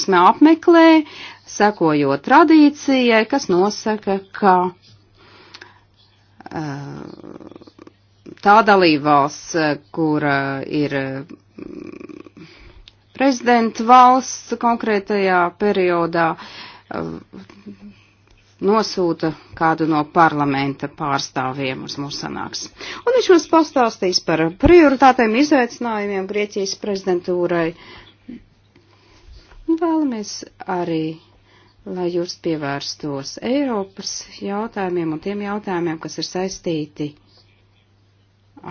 sanāksme apmeklē, sekojot tradīcijai, kas nosaka, ka eh, tā dalībvalsts, kura ir mm, prezidenta valsts konkrētajā periodā, eh, nosūta kādu no parlamenta pārstāvjiem uz mūsu sanāks. Un viņš mums pastāstīs par prioritātēm, izaicinājumiem Grieķijas prezidentūrai. Uh, Vēlamies arī, lai jūs pievērstos Eiropas jautājumiem un tiem jautājumiem, kas ir saistīti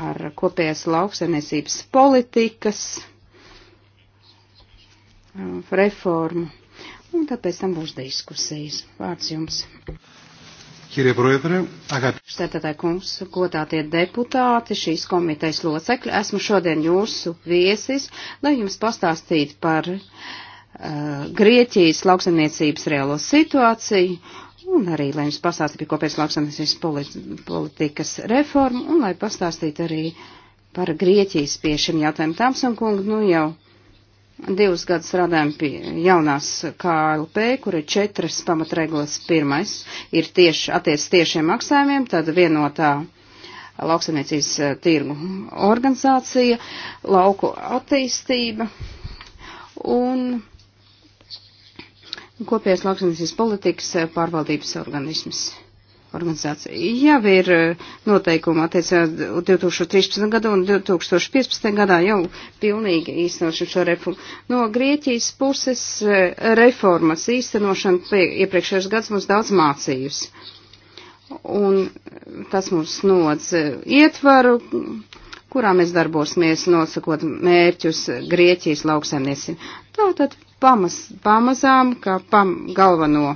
ar kopējās lauksainiesības politikas um, reformu. Un tāpēc tam būs diskusijas. Vārds jums. Kirie Proedre, agat. Štetatā kungs, godātie deputāti, šīs komitejas locekļi, esmu šodien jūsu viesis, lai jums pastāstītu par uh, Uh, Grieķijas lauksaimniecības reālo situāciju un arī, lai jums pastāstītu par kopējas lauksaimniecības politikas reformu un lai pastāstītu arī par Grieķijas pie šiem jautājumiem. Tamson kungu, nu jau divus gadus strādājam pie jaunās KLP, kur ir četras pamatreglas. Pirmais ir tieši attiec tiešiem maksājumiem, tad vienotā lauksaimniecības eh, tirgu organizācija, lauku attīstība un kopējās lauksaimniecības politikas eh, pārvaldības organisms. Organizācija jau ir eh, noteikuma attiecībā 2013. gadu un 2015. gadā jau pilnīgi īstenošu šo reformu. No Grieķijas puses eh, reformas īstenošana iepriekšējos gads mums daudz mācījusi. Un tas mums nodz ietvaru, kurā mēs darbosimies nosakot mērķus Grieķijas lauksaimniecību. Tātad pamas, pamazām kā pam, galveno.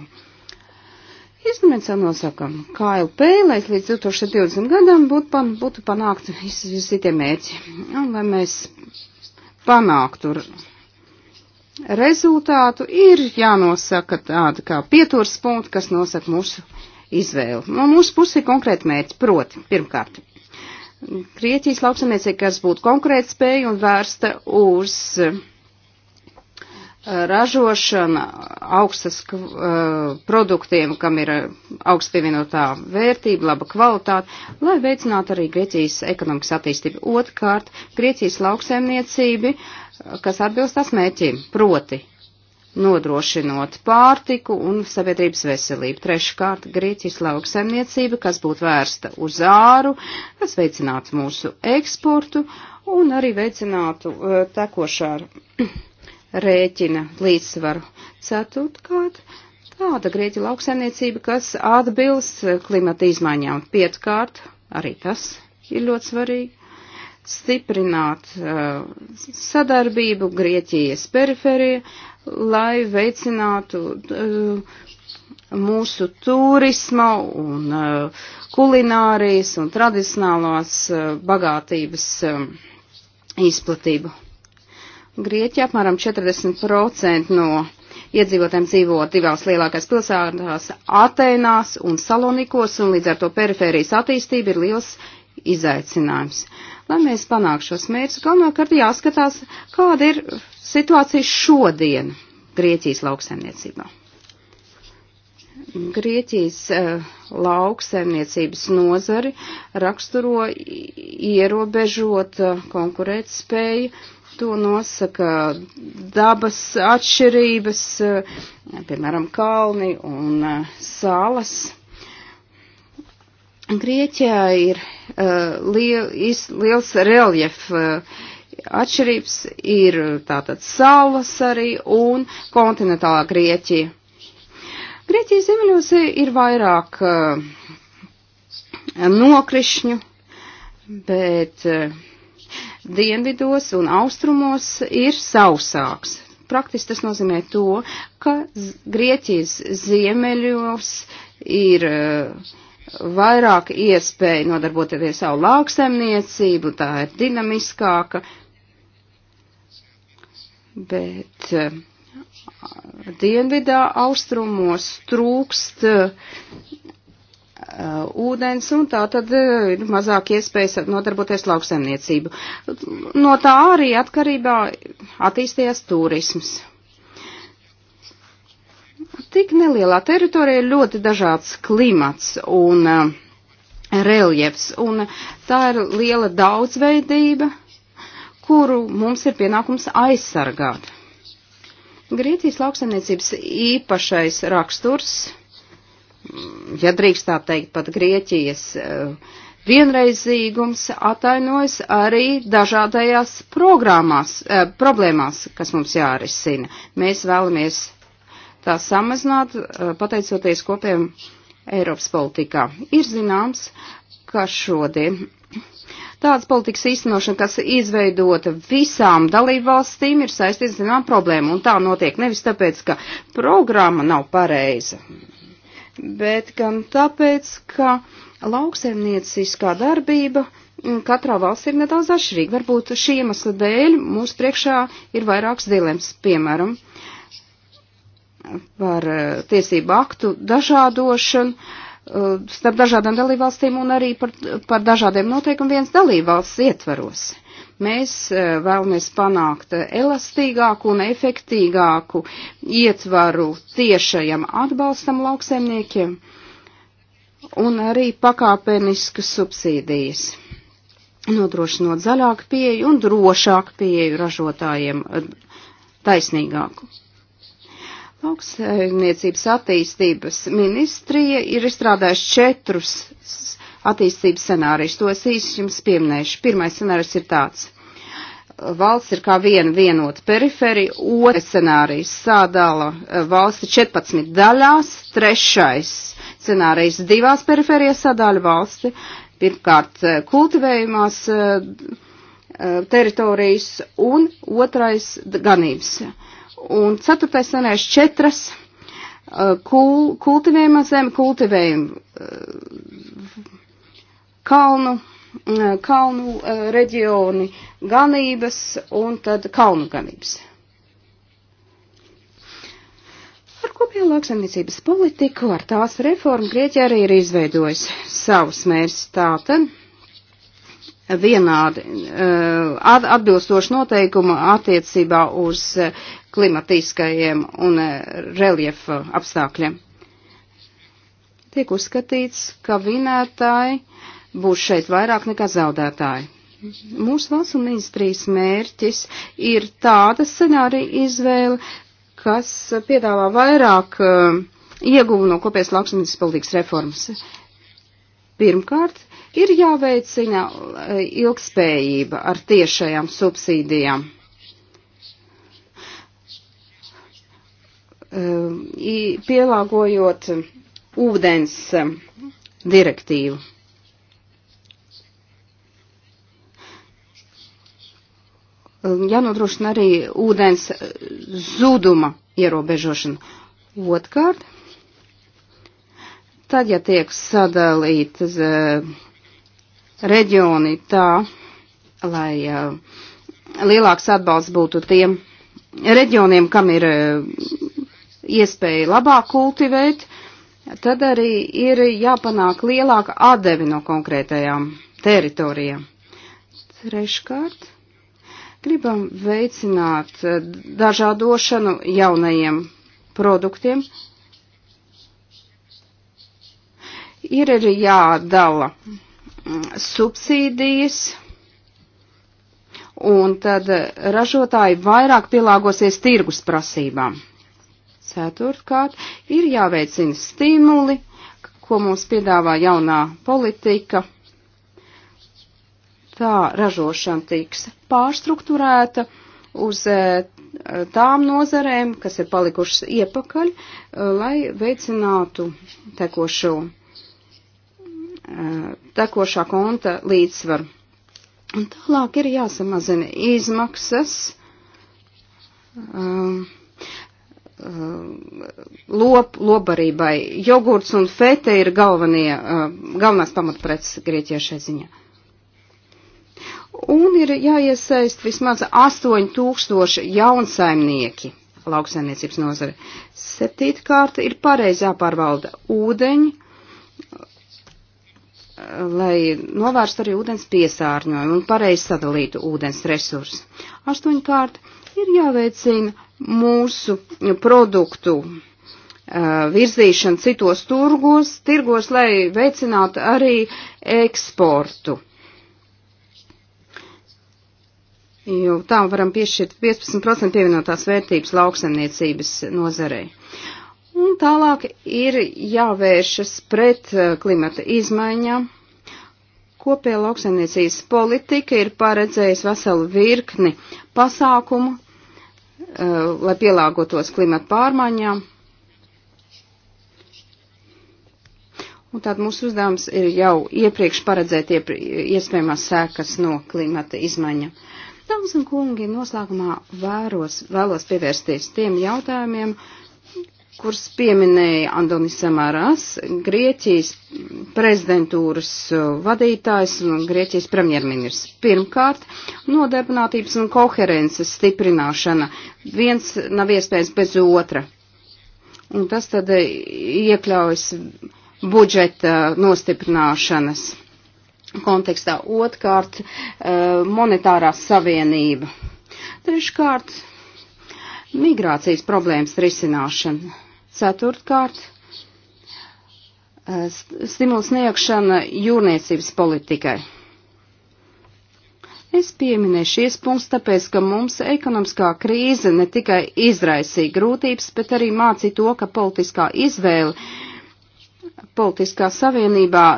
Instruments jau nosakam, kā LP, lai līdz 2020 gadam būtu, pan, būtu panākti visi tie mērķi. Un lai mēs panāktu rezultātu, ir jānosaka tāda kā pieturs punkti, kas nosaka mūsu izvēli. No mūsu puses ir konkrēti mērķi, proti, pirmkārt, Grieķijas lauksamniecība, kas būtu konkurētspēja un vērsta uz uh, ražošana augstas uh, produktiem, kam ir eh, augsts pievienotā vērtība, laba kvalitāte, lai veicinātu arī Grieķijas ekonomikas attīstību. Otkārt, Grieķijas lauksaimniecība, kas atbilst tās mērķiem, proti nodrošinot pārtiku un sabiedrības veselību. Treškārt, Grieķijas lauksaimniecība, kas būtu vērsta uz āru, kas veicinātu mūsu eksportu un arī veicinātu uh, tekošā rēķina līdzsvaru. Ceturtkārt, tāda grieķu lauksaimniecība, kas atbilst klimata izmaiņām. Pietkārt, arī tas ir ļoti svarīgi. Stiprināt uh, sadarbību Grieķijas periferija, lai veicinātu uh, mūsu turisma un uh, kulinārijas un tradicionālās uh, bagātības uh, izplatību. Grieķija apmēram 40% no iedzīvotājiem dzīvo divās lielākās pilsētās - Atēnās un Salonikos, un līdz ar to perifērijas attīstība ir liels izaicinājums. Lai mēs panāktu šos mērķus, galvenokārt jāskatās, kāda ir situācija šodien Grieķijas lauksaimniecībā. Grieķijas uh, lauksaimniecības nozari raksturo ierobežot uh, konkurētspēju, To nosaka dabas atšķirības, eh, piemēram, kalni un eh, salas. Grieķijā ir uh, eh, liel, iz, liels reljef uh, atšķirības, ir tātad salas arī un kontinentālā Grieķija. Grieķijas ziemeļos ir vairāk uh, nokrišņu, bet uh, dienvidos un austrumos ir sausāks. Praktiski tas nozīmē to, ka Grieķijas ziemeļos ir eh, vairāk iespēja nodarboties savu lauksaimniecību, tā ir dinamiskāka, bet eh, dienvidā austrumos trūkst eh, uh, ūdens, un tā tad uh, ir mazāk iespējas nodarboties lauksaimniecību. No tā arī atkarībā attīstījās turisms. Tik nelielā teritorija ir ļoti dažāds klimats un uh, reljefs, un tā ir liela daudzveidība, kuru mums ir pienākums aizsargāt. Grieķijas lauksaimniecības īpašais raksturs ja drīkst tā teikt, pat Grieķijas e, vienreizīgums atainojas arī dažādajās programmās, e, problēmās, kas mums jārisina. Mēs vēlamies tā samazināt, e, pateicoties kopiem Eiropas politikā. Ir zināms, ka šodien Tāds politikas īstenošana, kas izveidota visām dalībvalstīm, ir saistīta zinām problēma, un tā notiek nevis tāpēc, ka programma nav pareiza, bet gan tāpēc, ka lauksaimnieciskā darbība mm, katrā valstī ir nedaudz atšķirīga. Varbūt šī iemesla dēļ mūsu priekšā ir vairāks dilems, piemēram, par eh, tiesību aktu dažādošanu eh, starp dažādām dalībvalstīm un arī par, par dažādiem noteikumiem viens dalībvalsts ietvaros. Mēs eh, vēlamies panākt elastīgāku un efektīgāku ietvaru tiešajam atbalstam lauksaimniekiem un arī pakāpeniskas subsīdijas nodrošinot zaļāku pieeju un drošāku pieeju ražotājiem, taisnīgāku. Lauksaimniecības attīstības ministrija ir izstrādājusi četrus attīstības scenārijus. To es īsi jums pieminēšu. Pirmais scenārijs ir tāds. Valsts ir kā viena vienota periferija, otrs scenārijs sādala eh, valsti 14 daļās, trešais scenārijs divās periferijas sādāļu valsti, pirmkārt eh, kultivējumās eh, teritorijas un otrais ganības. Un ceturtais scenārijs četras kul, kultivējuma zeme, kultivējuma kalnu, eh, kalnu eh, reģioni, ganības un tad kalnu ganības. Ar kopējo lauksaimniecības politiku, ar tās reformu Grieķija arī ir izveidojusi savus mērķus tātad vienādi eh, atbilstoši noteikumu attiecībā uz klimatiskajiem un reliefa apstākļiem. Tiek uzskatīts, ka vinētāji uh, būs šeit vairāk nekā zaudētāji. Mūsu valsts un ministrijas mērķis ir tāda scenārija izvēle, kas piedāvā vairāk uh, ieguvu no kopējas lauksmīgas politikas reformas. Pirmkārt, ir jāveicina eh, ilgspējība ar tiešajām subsīdijām. Eh, pielāgojot ūdens direktīvu. Um, jānodrošina arī ūdens zuduma ierobežošana. Otkārt, tad, ja tiek sadalītas uh, reģioni tā, lai uh, lielāks atbalsts būtu tiem reģioniem, kam ir uh, iespēja labāk kultivēt, tad arī ir jāpanāk lielāka atdevi no konkrētajām teritorijām. Treškārt, Gribam veicināt eh, dažādošanu jaunajiem produktiem. Ir arī jādala mm, subsīdijas, un tad ražotāji vairāk pielāgosies tirgus prasībām. Ceturtkārt, ir jāveicina stimuli, ko mums piedāvā jaunā politika tā ražošana tiks pārstruktūrēta uz e, tām nozarēm, kas ir palikušas iepakaļ, e, lai veicinātu tekošo, e, tekošā konta līdzsvaru. Un tālāk ir jāsamazina izmaksas, um, lop, lobarībai. Jogurts un fete ir galvenie, galvenās pamatpreces grieķiešai ziņā. Un ir jāiesaist vismaz 8000 jaunsaimnieki lauksaimniecības nozare. Septītkārt ir pareizi jāpārvalda ūdeņi, lai novērstu arī ūdens piesārņojumu un pareizi sadalītu ūdens resursus. Astoņkārt ir jāveicina mūsu produktu uh, virzīšana citos turgos, tirgos, lai veicinātu arī eksportu. jo tām varam piešķirt 15% pievienotās vērtības lauksaimniecības nozarei. Un tālāk ir jāvēršas pret eh, klimata izmaiņām. Kopējā lauksaimniecības politika ir paredzējis veselu virkni pasākumu, eh, lai pielāgotos klimata pārmaiņām. Un tātad mūsu uzdevums ir jau iepriekš paredzēt iepri, iespējamās sēkas no klimata izmaiņa. Uh, Dāmas un kungi, noslēgumā vēros, vēlos pievērsties tiem jautājumiem, kurus pieminēja Andonis Samaras, Grieķijas prezidentūras vadītājs un Grieķijas premjerministrs. Pirmkārt, nodarbinātības un koherences stiprināšana. Viens nav iespējams bez otra. Un tas tad iekļaujas budžeta nostiprināšanas kontekstā. Otkārt, eh, monetārā savienība. Treškārt, migrācijas problēmas risināšana. Ceturtkārt, eh, stimuls sniegšana jūrniecības politikai. Es pieminēju šies punkts, tāpēc, ka mums ekonomiskā krīze ne tikai izraisīja grūtības, bet arī mācīja to, ka politiskā izvēle politiskā savienībā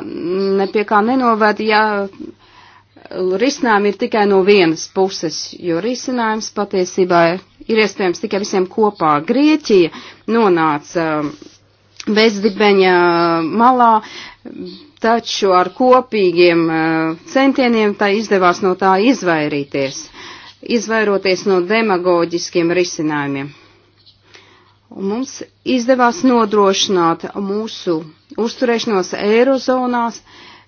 nepie kā nenovērt, ja uh, risinājumi ir tikai no vienas puses, jo risinājums patiesībā ir iespējams tikai visiem kopā. Grieķija nonāca um, bezdibeņa uh, malā, taču ar kopīgiem uh, centieniem tā izdevās no tā izvairīties, izvairoties no demagoģiskiem risinājumiem. Un mums izdevās nodrošināt mūsu uzturēšanos eirozonās,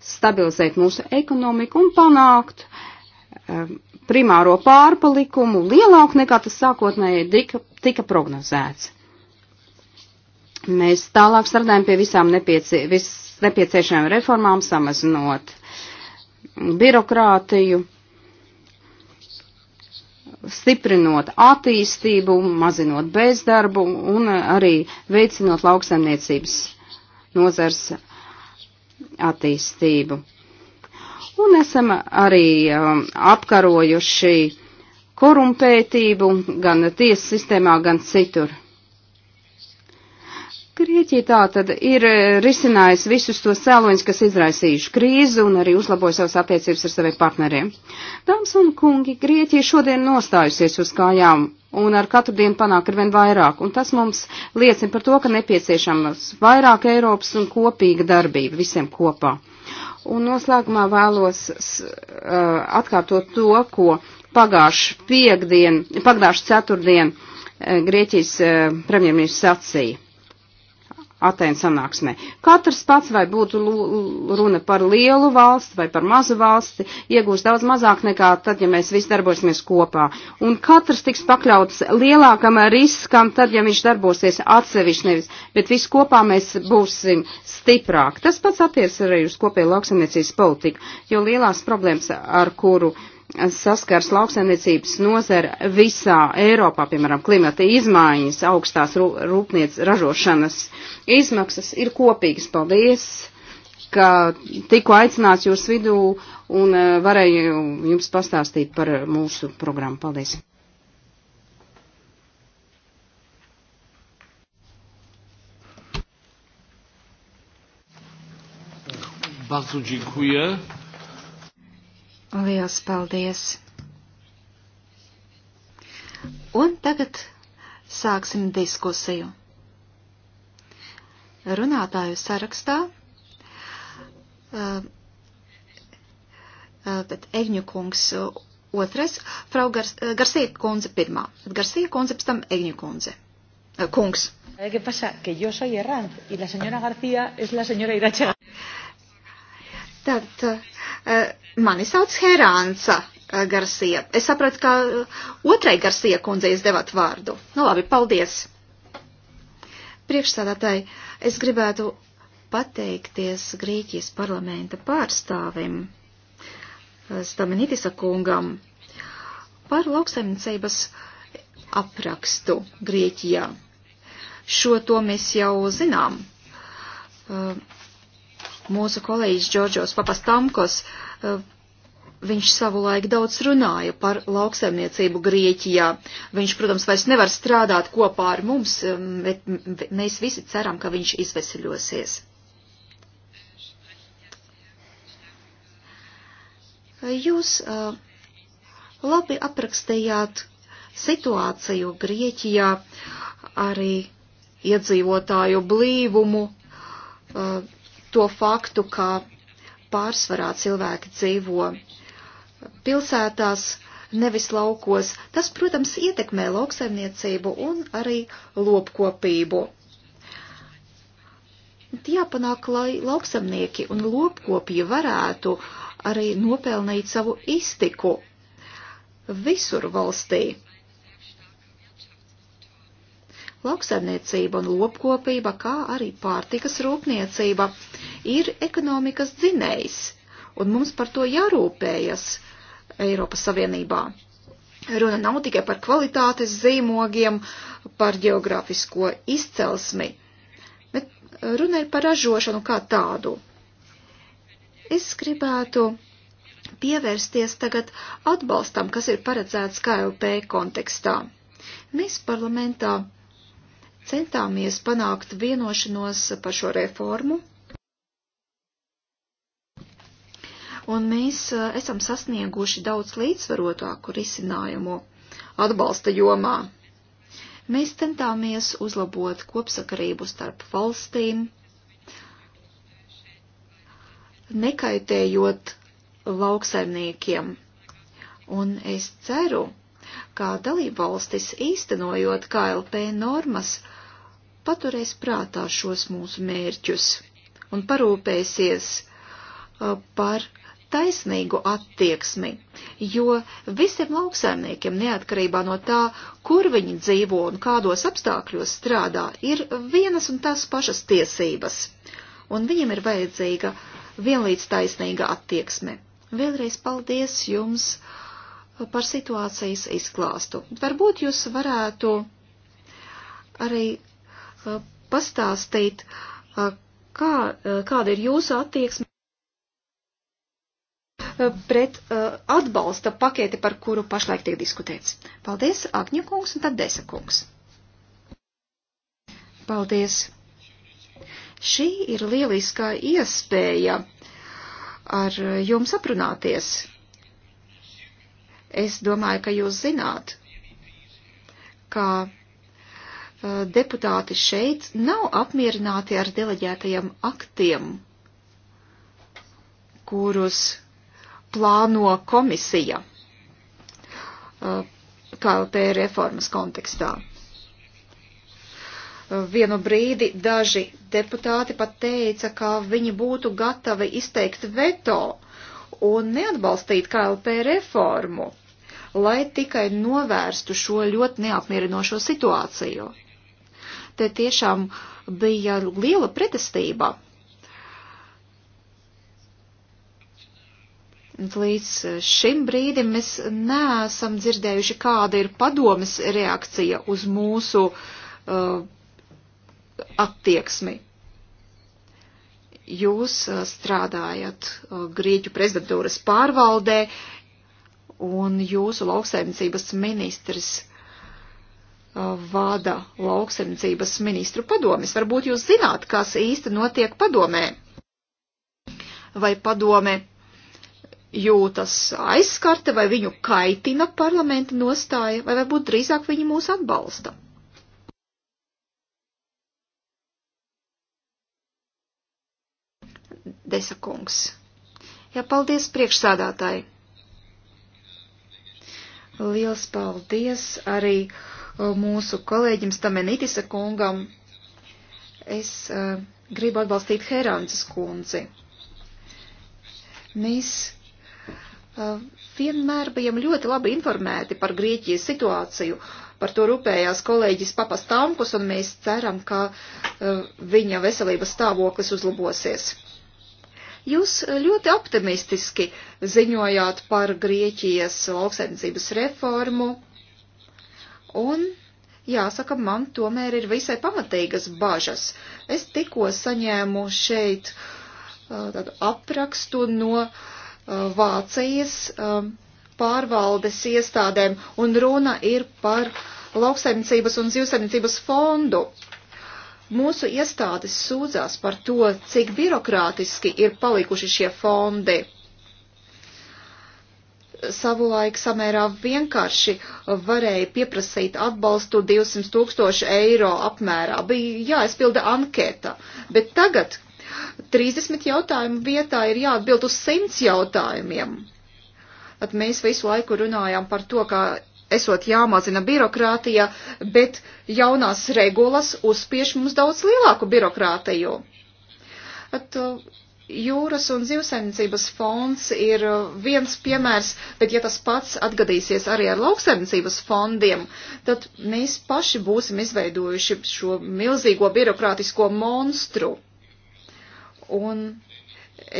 stabilizēt mūsu ekonomiku un panākt eh, primāro pārpalikumu lielāku nekā tas sākotnēji tika, tika prognozēts. Mēs tālāk strādājam pie visām nepiecie, vis, nepieciešamām reformām, samazinot birokrātiju, stiprinot attīstību, mazinot bezdarbu un arī veicinot lauksaimniecības nozars attīstību. Un esam arī um, apkarojuši korumpētību gan tiesas sistēmā, gan citur. Grieķija tā tad ir eh, risinājusi visus tos cēloņus, kas izraisījuši krīzi un arī uzlaboja savas attiecības ar saviem partneriem. Dāmas un kungi, Grieķija šodien nostājusies uz kājām un ar katru dienu panāk arvien vairāk. Un tas mums liecina par to, ka nepieciešams vairāk Eiropas un kopīga darbība visiem kopā. Un noslēgumā vēlos uh, atkārtot to, ko pagājuši piekdien, pagājuši ceturtdien uh, Grieķijas uh, premjerministrs sacīja. Atēnu sanāksmē. Katrs pats, vai būtu runa par lielu valsti vai par mazu valsti, iegūs daudz mazāk nekā tad, ja mēs visi darbosimies kopā. Un katrs tiks pakļauts lielākam riskam tad, ja viņš darbosies atsevišķi nevis, bet visi kopā mēs būsim stiprāk. Tas pats attiec arī uz kopēju lauksamniecības politiku, jo lielās problēmas, ar kuru uh, saskars lauksaimniecības nozara visā Eiropā, piemēram, klimata izmaiņas, augstās rūpniecības ražošanas izmaksas ir kopīgas. Paldies, ka tiku aicināts jūs vidū un eh, varēju jums pastāstīt par mūsu programmu. Paldies! Bardzo dziękuję. Liels paldies! Un tagad sāksim diskusiju. Runātāju sarakstā. Uh, bet Egņu kungs otrais, Frau Gars, Garsija kundze pirmā, Garsija kundze pēc tam Egņu kundze. Kungs. Eh, ¿Qué pasa? Que yo soy Errant y la señora García es la señora Irachaga. Tad, Eh, mani sauc Herānca eh, Garsija. Es sapratu, ka eh, otrai Garsija kundzei jūs devat vārdu. Nu labi, paldies. Priekšsādātāji, es gribētu pateikties Grieķijas parlamenta pārstāvim Staminitisa kungam par lauksaimniecības aprakstu Grieķijā. Šo to mēs jau zinām. Uh, Mūsu kolēģis Džordžos Papastamkos, eh, viņš savulaik daudz runāja par lauksaimniecību Grieķijā. Viņš, protams, vairs nevar strādāt kopā ar mums, eh, bet mēs visi ceram, ka viņš izveseļosies. Jūs eh, labi aprakstījāt situāciju Grieķijā, arī iedzīvotāju blīvumu, to faktu, ka pārsvarā cilvēki dzīvo pilsētās, nevis laukos. Tas, protams, ietekmē lauksaimniecību un arī lopkopību. Jāpanāk, lai lauksamnieki un lopkopji varētu arī nopelnīt savu iztiku visur valstī. Lauksaimniecība un lopkopība, kā arī pārtikas rūpniecība ir ekonomikas dzinējs, un mums par to jārūpējas Eiropas Savienībā. Runa nav tikai par kvalitātes zīmogiem, par geogrāfisko izcelsmi, bet runa ir par ražošanu kā tādu. Es gribētu pievērsties tagad atbalstam, kas ir paredzēts KLP kontekstā. Mēs parlamentā centāmies panākt vienošanos par šo reformu. Un mēs eh, esam sasnieguši daudz līdzsvarotāku risinājumu atbalsta jomā. Mēs centāmies uzlabot kopsakarību starp valstīm, nekaitējot lauksaimniekiem. Un es ceru, kā dalībvalstis īstenojot KLP normas, paturēs prātā šos mūsu mērķus un parūpēsies uh, par taisnīgu attieksmi, jo visiem lauksaimniekiem, neatkarībā no tā, kur viņi dzīvo un kādos apstākļos strādā, ir vienas un tās pašas tiesības, un viņiem ir vajadzīga vienlīdz taisnīga attieksme. Vēlreiz paldies jums uh, par situācijas izklāstu. Varbūt jūs varētu arī pastāstīt, kā, kāda ir jūsu attieksme pret atbalsta paketi, par kuru pašlaik tiek diskutēts. Paldies, Agņa kungs un tad Desa kungs. Paldies. Šī ir lieliskā iespēja ar jums aprunāties. Es domāju, ka jūs zināt, ka Eh, deputāti šeit nav apmierināti ar deleģētajiem aktiem, kurus plāno komisija eh, KLP reformas kontekstā. Eh, vienu brīdi daži deputāti pat teica, ka viņi būtu gatavi izteikt veto un neatbalstīt KLP reformu, lai tikai novērstu šo ļoti neapmierinošo situāciju te tiešām bija liela pretestība. Līdz šim brīdim mēs neesam dzirdējuši, kāda ir padomes reakcija uz mūsu uh, attieksmi. Jūs uh, strādājat uh, Grieķu prezidentūras pārvaldē, un jūsu lauksaimniecības ministrs Uh, vada lauksemniecības ministru padomis. Varbūt jūs zināt, kas īsti notiek padomē. Vai padome jūtas aizskarte, vai viņu kaitina parlamenta nostāja, vai varbūt drīzāk viņi mūs atbalsta. Desa kungs. Jā, paldies priekšsādātāji. Liels paldies arī uh, mūsu kolēģim Stamenitisa kungam. Es uh, gribu atbalstīt Herānces kundzi. Mēs uh, vienmēr bijām ļoti labi informēti par Grieķijas situāciju. Par to rūpējās kolēģis Papas Tamkus, un mēs ceram, ka uh, viņa veselības stāvoklis uzlabosies. Jūs ļoti optimistiski ziņojāt par Grieķijas lauksaimniecības reformu Un jāsaka, man tomēr ir visai pamatīgas bažas. Es tikko saņēmu šeit tādu aprakstu no Vācijas pārvaldes iestādēm, un runa ir par lauksaimniecības un zivsaimniecības fondu. Mūsu iestādes sūdzās par to, cik birokrātiski ir palikuši šie fondi savulaik samērā vienkārši varēja pieprasīt atbalstu 200 tūkstoši eiro apmērā. Bija jāaizpilda anketa, bet tagad 30 jautājumu vietā ir jāatbild uz 100 jautājumiem. At mēs visu laiku runājām par to, ka esot jāmazina birokrātija, bet jaunās regulas uzspiež mums daudz lielāku birokrātiju. At, Jūras un zivsaimniecības fonds ir viens piemērs, bet ja tas pats atgadīsies arī ar lauksaimniecības fondiem, tad mēs paši būsim izveidojuši šo milzīgo birokrātisko monstru. Un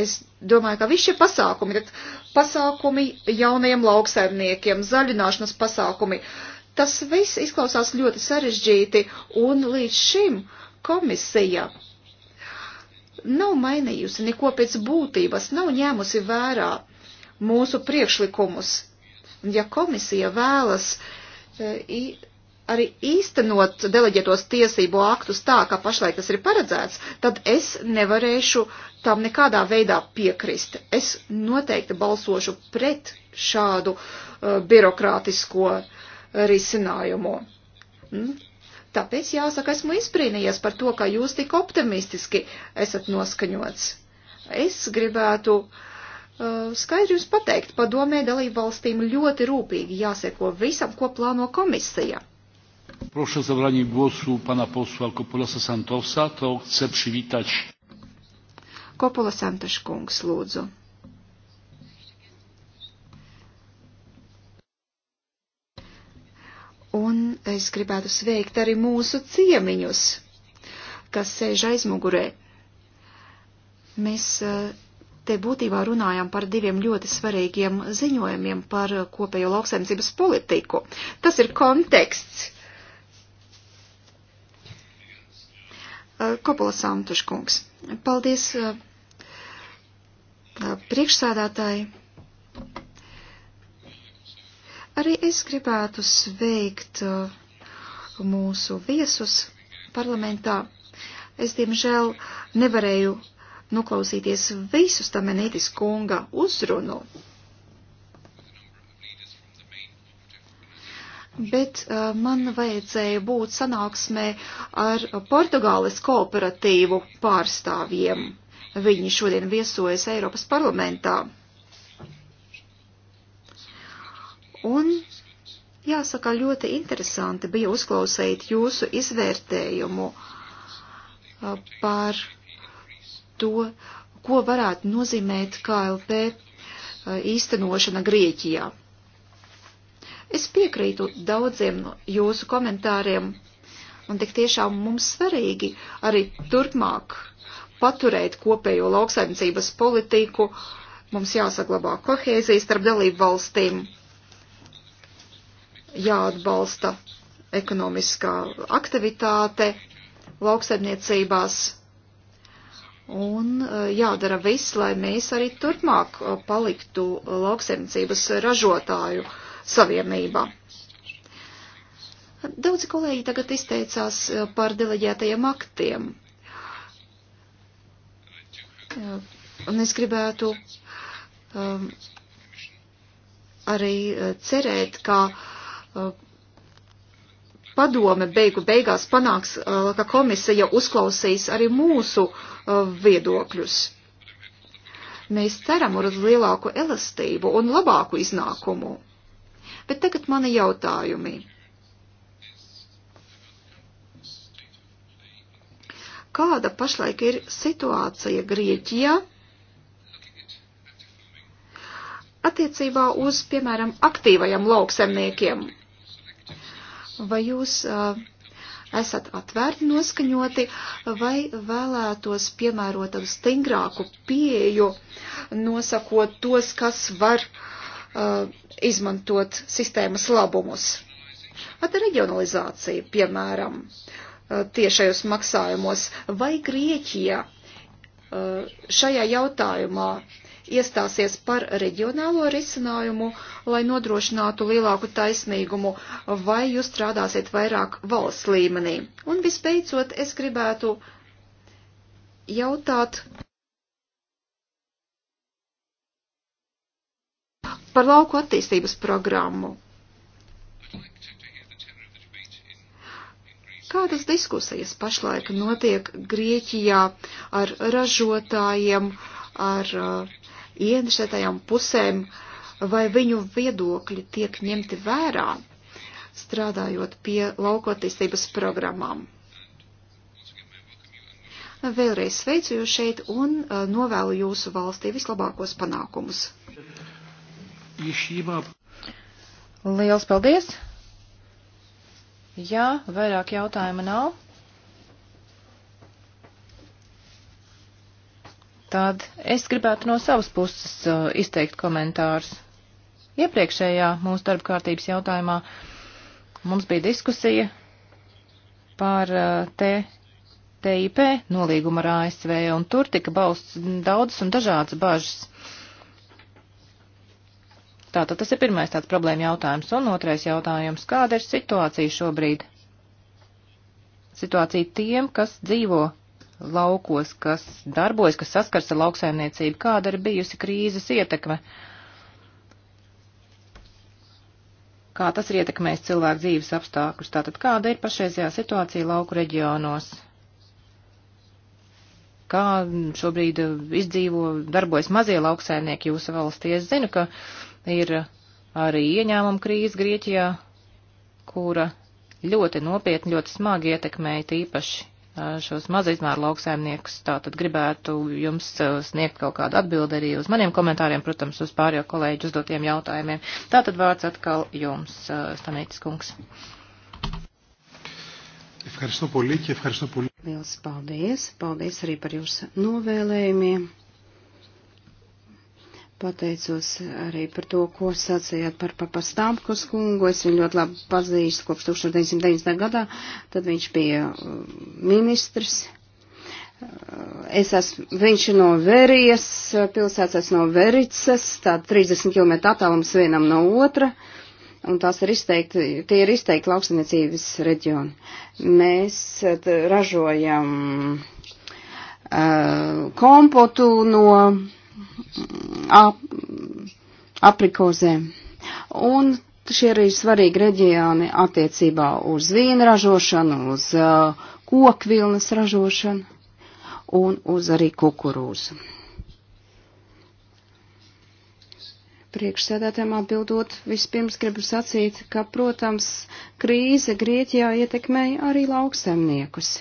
es domāju, ka visi šie pasākumi, tad pasākumi jaunajiem lauksaimniekiem, zaļināšanas pasākumi, tas viss izklausās ļoti sarežģīti un līdz šim komisija nav mainījusi neko pēc būtības, nav ņēmusi vērā mūsu priekšlikumus. Un ja komisija vēlas e, arī īstenot deleģētos tiesību aktus tā, kā pašlaik tas ir paredzēts, tad es nevarēšu tam nekādā veidā piekrist. Es noteikti balsošu pret šādu uh, birokrātisko risinājumu. Mm? Tāpēc jāsaka, esmu izbrīnījies par to, ka jūs tik optimistiski esat noskaņots. Es gribētu uh, skaidri jums pateikt, padomē dalību valstīm ļoti rūpīgi jāseko visam, ko plāno komisija. Proszę o zabranie głosu pana posła Kopolosa Santosa, to chcę przywitać. Kopola Santoš kungs, lūdzu. Un es gribētu sveikt arī mūsu ciemiņus, kas sēž aizmugurē. Mēs eh, te būtībā runājam par diviem ļoti svarīgiem ziņojumiem par kopējo lauksaimniecības politiku. Tas ir konteksts. Eh, Kopola Santuškungs. Paldies eh, priekšsādātāji. Arī es gribētu sveikt uh, mūsu viesus parlamentā. Es, diemžēl, nevarēju noklausīties visus Tamenītis kunga uzrunu. Bet uh, man vajadzēja būt sanāksmē ar Portugāles kooperatīvu pārstāvjiem. Viņi šodien viesojas Eiropas parlamentā. Un jāsaka, ļoti interesanti bija uzklausīt jūsu izvērtējumu uh, par to, ko varētu nozīmēt KLP uh, īstenošana Grieķijā. Es piekrītu daudziem no jūsu komentāriem, un tik tiešām mums svarīgi arī turpmāk paturēt kopējo lauksaimniecības politiku, mums jāsaglabā kohēzijas starp dalību valstīm jāatbalsta ekonomiskā aktivitāte lauksaimniecībās un eh, jādara viss, lai mēs arī turpmāk eh, paliktu eh, lauksaimniecības ražotāju savienībā. Daudzi kolēģi tagad izteicās par deleģētajiem aktiem. Un es gribētu um, arī cerēt, ka uh, Uh, padome beigu beigās panāks, uh, ka komisija uzklausīs arī mūsu uh, viedokļus. Mēs ceram uz lielāku elastību un labāku iznākumu. Bet tagad mani jautājumi. Kāda pašlaik ir situācija Grieķijā attiecībā uz, piemēram, aktīvajiem lauksemniekiem? Vai jūs uh, esat atvērti noskaņoti vai vēlētos piemērot tādu stingrāku pieju, nosakot tos, kas var uh, izmantot sistēmas labumus? At reģionalizācija, piemēram, uh, tiešajos maksājumos vai Grieķijā uh, šajā jautājumā uh, iestāsies par reģionālo risinājumu, lai nodrošinātu lielāku taisnīgumu, vai jūs strādāsiet vairāk valsts līmenī? Un visbeidzot, es gribētu jautāt par lauku attīstības programmu. Kādas diskusijas pašlaik notiek Grieķijā ar ražotājiem, ar uh, ieinteresētajām pusēm, vai viņu viedokļi tiek ņemti vērā, strādājot pie laukotīstības programmām. Vēlreiz sveicu jūs šeit un uh, novēlu jūsu valstī vislabākos panākumus. Liels paldies! Jā, vairāk jautājumu nav. tad es gribētu no savas puses uh, izteikt komentārus. Iepriekšējā mūsu darba kārtības jautājumā mums bija diskusija par uh, te, TIP nolīgumu ar ASV, un tur tika bausts daudzas un dažādas bažas. Tātad tas ir pirmais tāds problēma jautājums, un otrais jautājums, kāda ir situācija šobrīd? Situācija tiem, kas dzīvo laukos, kas darbojas, kas saskars ar lauksaimniecību, kāda ir bijusi krīzes ietekme, kā tas ir ietekmējis cilvēku dzīves apstākļus, tātad kāda ir pašreizējā situācija lauku reģionos, kā šobrīd izdzīvo, darbojas mazie lauksaimnieki jūsu valstī. Es zinu, ka ir arī ieņēmuma krīze Grieķijā, kura ļoti nopietni, ļoti smagi ietekmēja tīpaši šos mazizmēru lauksaimniekus. Tātad gribētu jums sniegt kaut kādu atbildi arī uz maniem komentāriem, protams, uz pārējo kolēģu uzdotiem jautājumiem. Tātad vārds atkal jums, Stanītis Kungs. Liels paldies! Paldies arī par jūsu novēlējumiem! Pateicos arī par to, ko sacījāt par papastāmkus kungu. Es viņu ļoti labi pazīstu kopš 1990. gadā, tad viņš bija uh, ministrs. Uh, es esmu, viņš ir no Verijas, pilsētas esmu no Vericas, tā 30 km attālums vienam no otra, un tās ir izteikti, tie ir izteikti lauksaniecības reģioni. Mēs uh, ražojam uh, kompotu no ap, aprikozēm. Un šie arī svarīgi reģioni attiecībā uz vīnu ražošanu, uz uh, kokvilnas ražošanu un uz arī kukurūzu. Priekšsēdētājiem atbildot, vispirms gribu sacīt, ka, protams, krīze Grieķijā ietekmēja arī lauksemniekus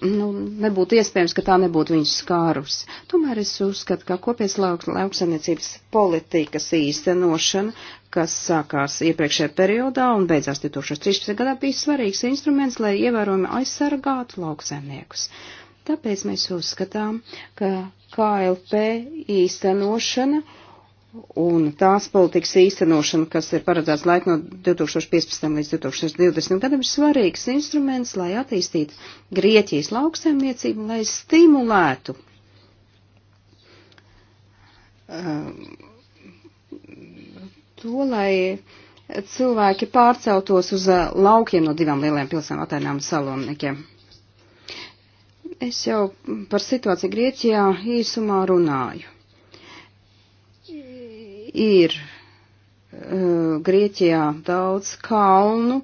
nu, nebūtu iespējams, ka tā nebūtu viņus skārus. Tomēr es uzskatu, ka kopies lauk, lauksaimniecības politikas īstenošana, kas sākās iepriekšējā periodā un beidzās 2013. gadā, bija svarīgs instruments, lai ievērojami aizsargātu lauksaimniekus. Tāpēc mēs uzskatām, ka KLP īstenošana un tās politikas īstenošana, kas ir paredzēts laika no 2015. līdz 2020. gadam, ir svarīgs instruments, lai attīstītu Grieķijas lauksaimniecību, lai stimulētu um, to, lai cilvēki pārceltos uz uh, laukiem no divām lielajām pilsēm, Atēnām un Salonikiem. Es jau par situāciju Grieķijā īsumā runāju Ir uh, Grieķijā daudz kalnu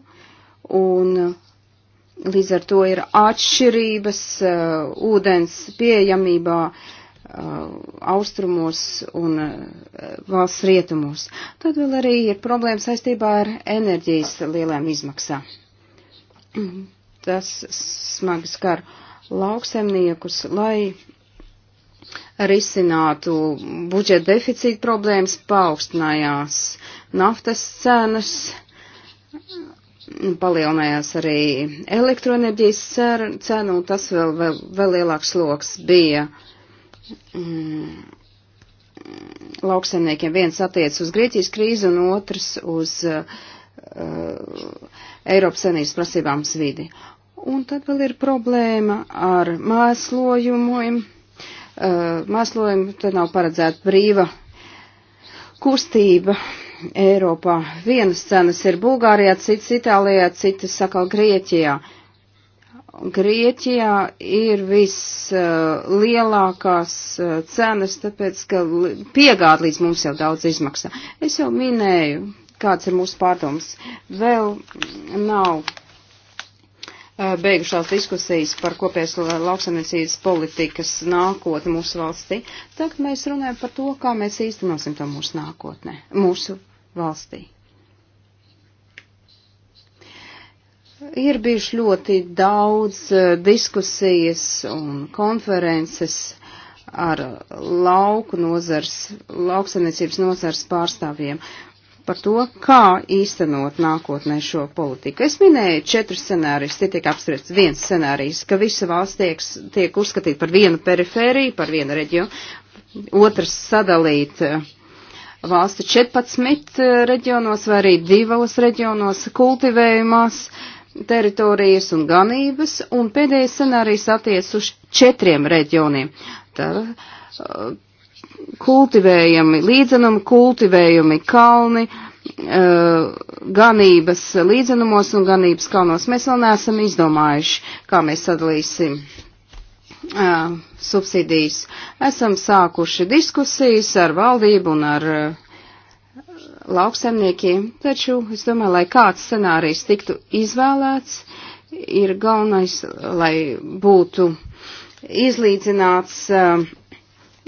un līdz ar to ir atšķirības uh, ūdens pieejamībā uh, austrumos un uh, valsts rietumos. Tad vēl arī ir problēma saistībā ar enerģijas lielām izmaksām. Tas smagi skar lauksemniekus, lai risinātu budžeta deficīta problēmas, paaugstinājās naftas cenas, palielinājās arī elektroenerģijas cena, un tas vēl, vēl, vēl lielāks sloks bija mm, lauksaimniekiem. Viens attiec uz Grieķijas krīzi un otrs uz uh, Eiropas Savienības prasībām svidi. Un tad vēl ir problēma ar mēslojumiem Eh, mēslojumi, te nav paredzēta brīva kustība Eiropā. Vienas cenas ir Bulgārijā, citas Itālijā, citas sakal Grieķijā. Grieķijā ir vislielākās uh, uh, cenas, tāpēc, ka piegāda līdz mums jau daudz izmaksā. Es jau minēju, kāds ir mūsu pārdoms. Vēl nav Uh, beigušās diskusijas par kopējas lauksaimniecības politikas nākotni mūsu valstī. Tagad mēs runājam par to, kā mēs īstenosim to mūsu nākotnē, mūsu valstī. Ir bijuši ļoti daudz uh, diskusijas un konferences ar lauku nozars, lauksaimniecības nozars pārstāvjiem par to, kā īstenot nākotnē šo politiku. Es minēju četrus scenārijus, tie tiek apspriests viens scenārijs, ka visa valsts tiek, tiek uzskatīta par vienu perifēriju, par vienu reģionu, otrs sadalīt eh, valsti 14 eh, reģionos vai arī divos reģionos kultivējumās teritorijas un ganības, un pēdējais scenārijs attiec uz četriem reģioniem. Tā, eh, kultivējami līdzenumi, kultivējami kalni, e, ganības līdzenumos un ganības kalnos. Mēs vēl neesam izdomājuši, kā mēs sadalīsim e, subsīdijas. Esam sākuši diskusijas ar valdību un ar e, lauksemniekiem, taču es domāju, lai kāds scenārijs tiktu izvēlēts, ir galvenais, lai būtu izlīdzināts uh,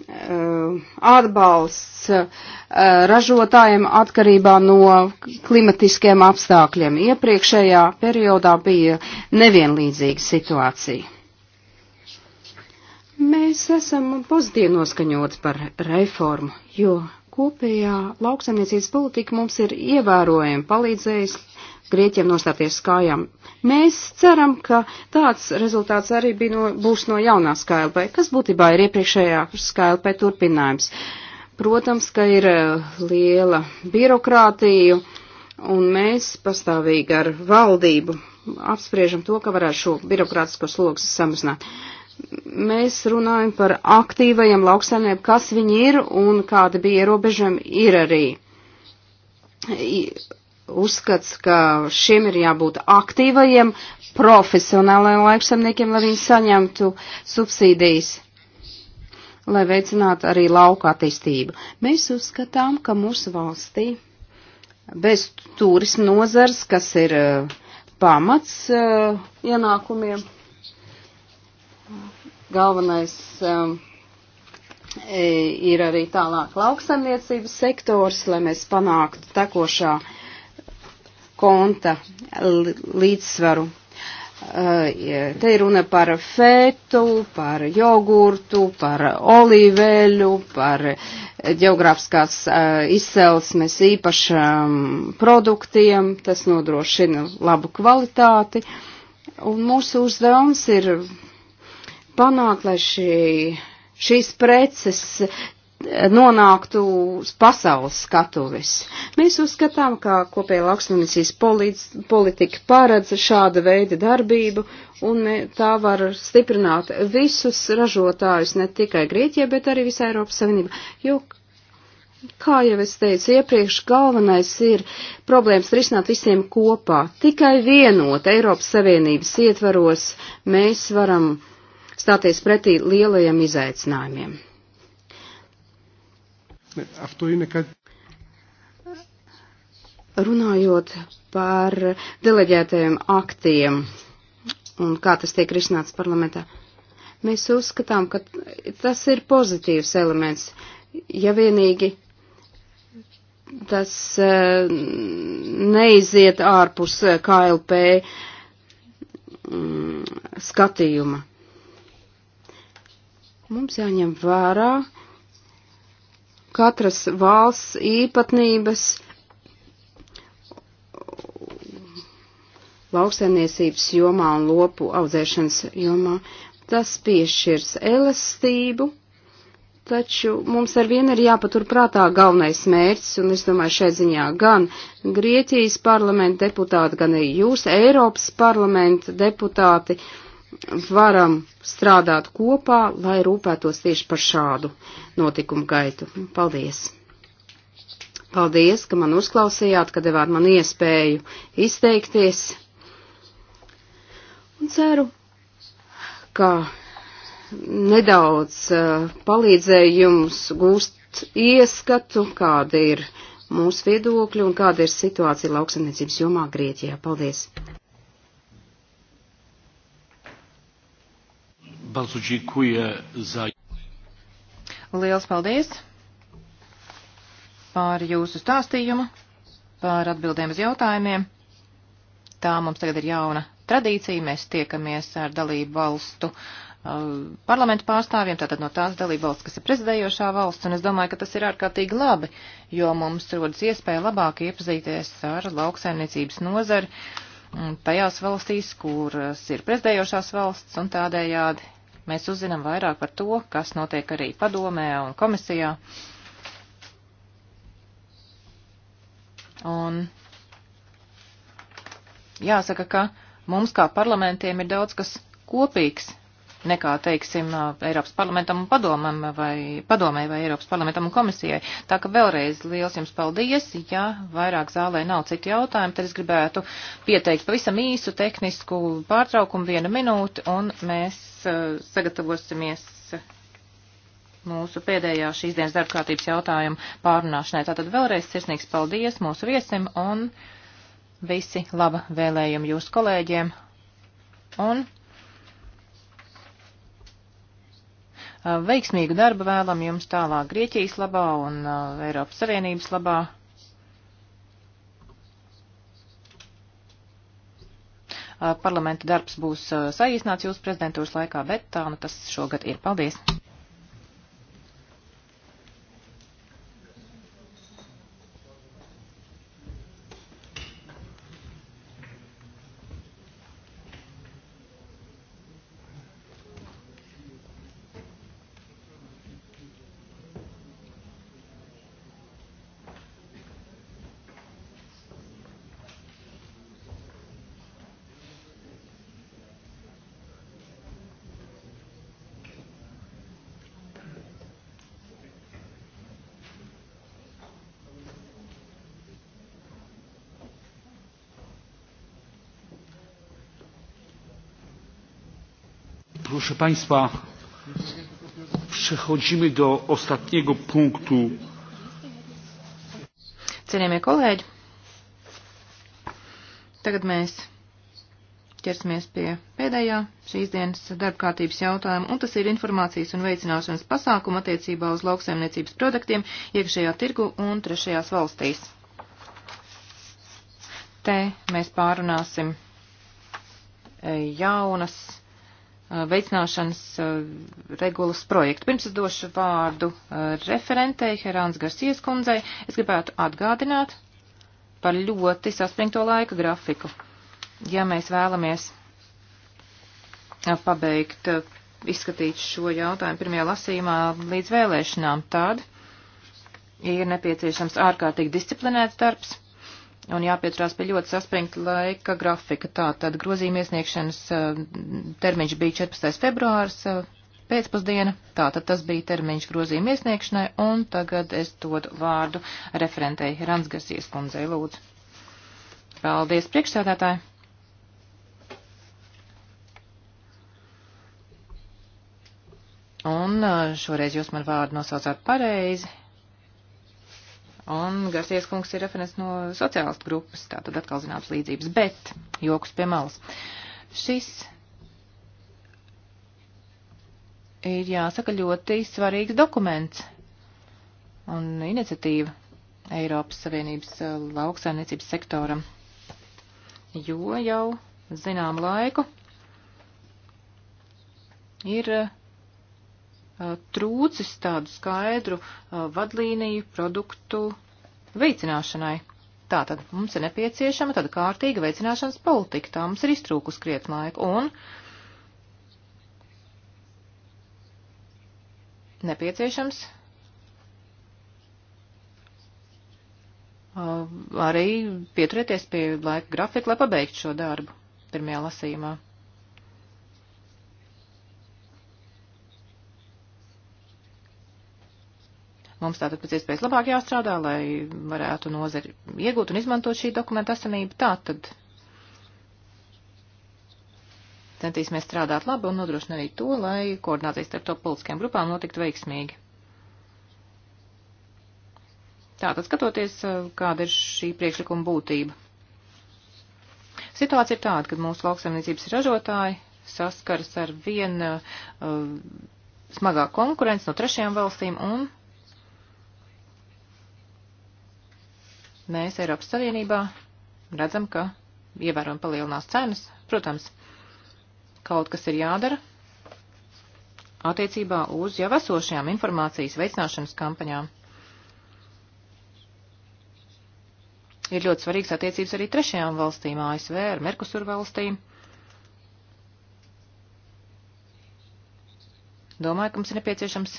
Uh, atbalsts uh, ražotājiem atkarībā no klimatiskiem apstākļiem. Iepriekšējā periodā bija nevienlīdzīga situācija. Mēs esam pozitīvi noskaņoti par reformu, jo kopējā lauksaimniecības politika mums ir ievērojami palīdzējusi Grieķiem nostāties kājām. Mēs ceram, ka tāds rezultāts arī no, būs no jaunās KLP, kas būtībā ir iepriekšējā KLP turpinājums. Protams, ka ir eh, liela birokrātija, un mēs pastāvīgi ar valdību apspriežam to, ka varētu šo birokrātisko slogu samazināt. Mēs runājam par aktīvajiem lauksaimniekiem, kas viņi ir un kādi bija ierobežojumi ir arī uzskats, ka šiem ir jābūt aktīvajiem, profesionālajiem laiksamniekiem, lai viņi saņemtu subsīdijas, lai veicinātu arī lauka attīstību. Mēs uzskatām, ka mūsu valstī bez turismu nozars, kas ir uh, pamats uh, ienākumiem, galvenais um, ir arī tālāk lauksaimniecības sektors, lai mēs panāktu tekošā uh, konta līdzsvaru. Uh, te ir runa par fētu, par jogurtu, par olīveļu, par geogrāfiskās uh, izcelsmes īpašām produktiem. Tas nodrošina labu kvalitāti. Un mūsu uzdevums ir panākt, lai šī, šīs preces nonāktu uz pasaules skatuves. Mēs uzskatām, ka kopēja lauksaimniecības politika paredz šāda veida darbību, un tā var stiprināt visus ražotājus, ne tikai Grieķijā, bet arī visā Eiropas Savienībā. Jo, kā jau es teicu iepriekš, galvenais ir problēmas risināt visiem kopā. Tikai vienot Eiropas Savienības ietvaros mēs varam stāties pretī lielajiem izaicinājumiem. Αυτό είναι κάτι runājot par deleģētajiem aktiem un kā tas tiek risināts parlamentā, mēs uzskatām, ka tas ir pozitīvs elements, ja vienīgi tas eh, neiziet ārpus eh, KLP mm, skatījuma. Mums jāņem vērā, katras valsts īpatnības lauksaimniecības jomā un lopu audzēšanas jomā. Tas piešķirs elastību, taču mums ar vienu ir jāpaturprātā galvenais mērķis, un es domāju, šai ziņā gan Grieķijas parlamenta deputāti, gan arī jūs, Eiropas parlamenta deputāti, uh, varam strādāt kopā, lai rūpētos tieši par šādu notikumu gaitu. Paldies! Paldies, ka man uzklausījāt, ka devāt man iespēju izteikties. Un ceru, ka nedaudz uh, eh, palīdzēju jums gūst ieskatu, kāda ir mūsu viedokļa un kāda ir situācija lauksaimniecības jomā Grieķijā. Paldies! Bardzo dziękuję za. Liels paldies par jūsu stāstījumu, par atbildēm uz jautājumiem. Tā mums tagad ir jauna tradīcija. Mēs tiekamies ar dalību valstu uh, parlamentu pārstāvjiem, tātad no tās dalību valsts, kas ir prezidējošā valsts, un es domāju, ka tas ir ārkārtīgi labi, jo mums rodas iespēja labāk iepazīties ar lauksaimniecības nozari mm, tajās valstīs, kuras ir prezidējošās valsts, un tādējādi Mēs uzzinām vairāk par to, kas notiek arī padomē un komisijā. Un jāsaka, ka mums kā parlamentiem ir daudz kas kopīgs nekā, teiksim, Eiropas parlamentam un padomam vai padomē vai Eiropas parlamentam un komisijai. Tā ka vēlreiz liels jums paldies. Ja vairāk zālē nav citu jautājumu, tad es gribētu pieteikt pavisam īsu tehnisku pārtraukumu vienu minūti un mēs uh, sagatavosimies mūsu pēdējā šīs dienas darbkārtības jautājumu pārunāšanai. Tātad vēlreiz sirsnīgs paldies mūsu viesim un visi laba vēlējumi jūsu kolēģiem. Un Uh, veiksmīgu darbu vēlam jums tālāk Grieķijas labā un uh, Eiropas Savienības labā. Uh, parlamenta darbs būs saīsnāts jūsu prezidentūras laikā, bet tā nu tas šogad ir. Paldies! proszę państwa przechodzimy do ostatniego punktu Cienījamie kolēģi, tagad mēs ķersimies pie pēdējā šīs dienas darbkārtības jautājuma, un tas ir informācijas un veicināšanas pasākuma attiecībā uz lauksaimniecības produktiem iekšējā tirgu un trešajās valstīs. Te mēs pārunāsim eh, jaunas Uh, veicināšanas uh, regulas projektu. Pirms es došu vārdu uh, referentei Herāns Garsies kundzei, es gribētu atgādināt par ļoti saspringto laika grafiku. Ja mēs vēlamies pabeigt izskatīt šo jautājumu pirmajā lasījumā līdz vēlēšanām, tad ir nepieciešams ārkārtīgi disciplinēts darbs un jāpieturās pie ļoti saspringta laika grafika. Tā tad grozījuma iesniegšanas eh, termiņš bija 14. februārs eh, pēcpusdiena, tā tad tas bija termiņš grozījuma iesniegšanai, un tagad es dodu vārdu referentei Ransgasijas kundzei lūdzu. Paldies, priekšsēdētāji! Un eh, šoreiz jūs man vārdu nosaucāt pareizi, Un Garsies kungs ir referents no sociālistu grupas, tā tad atkal zināms līdzības, bet joks pie malas. Šis ir jāsaka ļoti svarīgs dokuments un iniciatīva Eiropas Savienības uh, lauksaimniecības sektoram, jo jau zinām laiku ir uh, Uh, trūcis tādu skaidru uh, vadlīniju produktu veicināšanai. Tātad mums ir nepieciešama tāda kārtīga veicināšanas politika, tā mums ir iztrūkus krietni laika, un nepieciešams uh, arī pieturēties pie laika grafika, lai pabeigtu šo darbu pirmajā lasījumā. Mums tātad pēc iespējas labāk jāstrādā, lai varētu nozari iegūt un izmantot šī dokumenta esamību. Tātad centīsimies strādāt labi un nodrošināt arī to, lai koordinācijas starp to politiskajām grupām notiktu veiksmīgi. Tātad skatoties, eh, kāda ir šī priekšlikuma būtība. Situācija ir tāda, ka mūsu lauksaimniecības ražotāji saskaras ar vien uh, smagāku konkurenci no trešajām valstīm un mēs Eiropas Savienībā redzam, ka ievērojami palielinās cenas. Protams, kaut kas ir jādara attiecībā uz jau esošajām informācijas veicināšanas kampaņām. Ir ļoti svarīgs attiecības arī trešajām valstīm, ASV ar Merkusur valstīm. Domāju, ka mums ir nepieciešams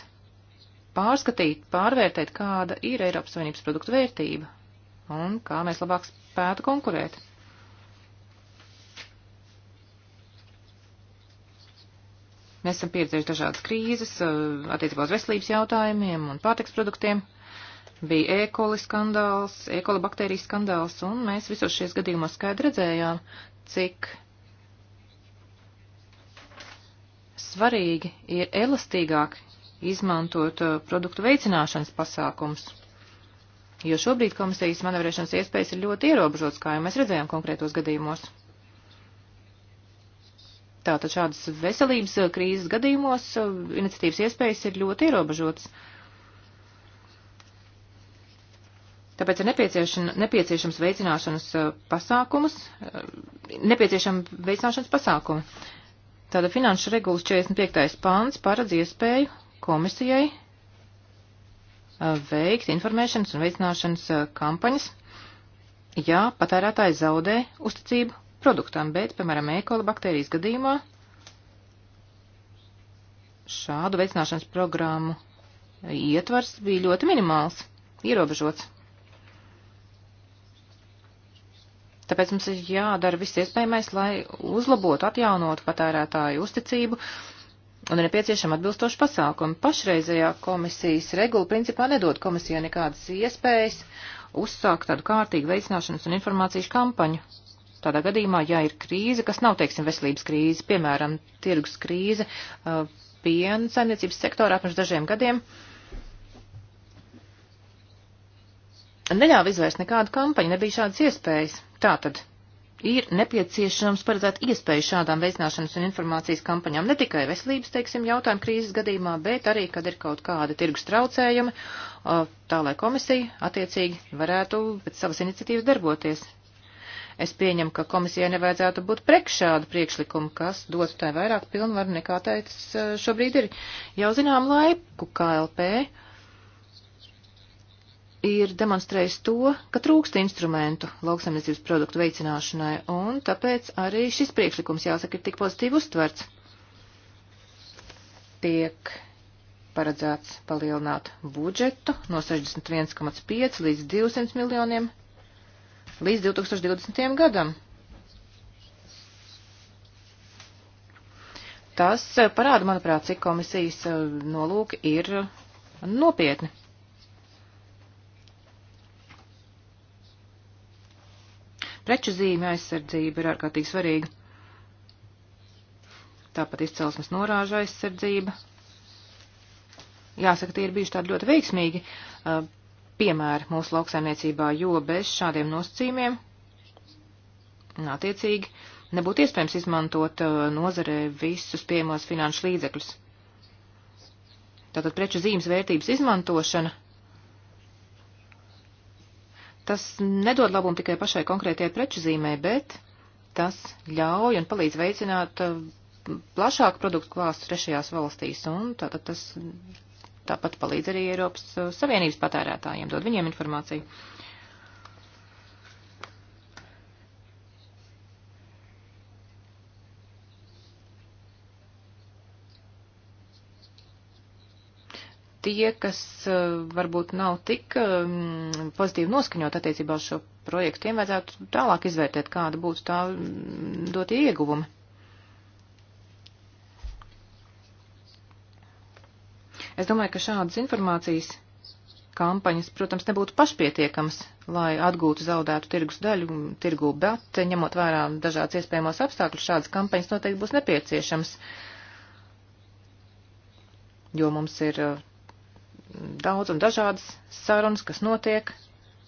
pārskatīt, pārvērtēt, kāda ir Eiropas Savienības produktu vērtība un kā mēs labāk spētu konkurēt. Mēs esam pieredzējuši dažādas krīzes uh, attiecībā uz veselības jautājumiem un pārtiks produktiem. Bija ekoli skandāls, ekoli baktērijas skandāls, un mēs visos šies gadījumos skaidri redzējām, cik svarīgi ir elastīgāk izmantot uh, produktu veicināšanas pasākums jo šobrīd komisijas manevrēšanas iespējas ir ļoti ierobežotas, kā jau mēs redzējām konkrētos gadījumos. Tātad šādas veselības eh, krīzes gadījumos eh, iniciatīvas iespējas ir ļoti ierobežotas. Tāpēc ir nepieciešams veicināšanas eh, pasākumus, nepieciešama veicināšanas pasākumi. Tāda finanšu regulas 45. pāns paredz iespēju komisijai veikt informēšanas un veicināšanas eh, kampaņas, ja patērētājs zaudē uzticību produktam, bet, piemēram, ekola baktērijas gadījumā šādu veicināšanas programmu ietvars bija ļoti minimāls, ierobežots. Tāpēc mums ir jādara viss iespējamais, lai uzlabotu, atjaunotu patērētāju uzticību uh, un ir nepieciešama atbilstoša pasākuma. Pašreizējā komisijas regula principā nedod komisijai nekādas iespējas uzsākt tādu kārtīgu veicināšanas un informācijas kampaņu. Tādā gadījumā, ja ir krīze, kas nav, teiksim, veselības krīze, piemēram, tirgus krīze, uh, piena saimniecības sektorā pirms dažiem gadiem, neļāva izvērst nekādu kampaņu, nebija šādas iespējas. Tātad ir nepieciešams paredzēt iespēju šādām veicināšanas un informācijas kampaņām ne tikai veselības, teiksim, jautājumu krīzes gadījumā, bet arī, kad ir kaut kāda tirgus traucējumi, tā lai komisija attiecīgi varētu pēc savas iniciatīvas darboties. Es pieņemu, ka komisijai nevajadzētu būt priekš šādu priekšlikumu, kas dotu tai vairāk pilnvaru nekā teicis šobrīd ir. Jau zinām laiku KLP ir demonstrējis to, ka trūkst instrumentu lauksaimniecības produktu veicināšanai, un tāpēc arī šis priekšlikums, jāsaka, ir tik pozitīvi uztverts. Tiek paredzēts palielināt budžetu no 61,5 līdz 200 miljoniem līdz 2020. gadam. Tas eh, parāda, manuprāt, cik komisijas eh, nolūki ir eh, nopietni. Preču zīme aizsardzība ir ārkārtīgi svarīga. Tāpat izcelsmes norāža aizsardzība. Jāsaka, tie ir bijuši tādi ļoti veiksmīgi uh, piemēri mūsu lauksaimniecībā, jo bez šādiem nosacījumiem, attiecīgi, nebūtu iespējams izmantot uh, nozarē visus piemos finanšu līdzekļus. Tātad preču zīmes vērtības izmantošana tas nedod labumu tikai pašai konkrētajai preču zīmē, bet tas ļauj un palīdz veicināt uh, plašāku produktu klāstu trešajās valstīs, un tātad tas tāpat palīdz arī Eiropas uh, Savienības patērētājiem, dod viņiem informāciju. tie, kas eh, varbūt nav tik mm, pozitīvi noskaņot attiecībā uz šo projektu, tiem vajadzētu tālāk izvērtēt, kāda būtu tā mm, dotie ieguvumi. Es domāju, ka šādas informācijas kampaņas, protams, nebūtu pašpietiekamas, lai atgūtu zaudētu tirgus daļu tirgū, bet eh, ņemot vērā dažādas iespējamos apstākļus, šādas kampaņas noteikti būs nepieciešamas, jo mums ir eh, daudz un dažādas sarunas, kas notiek,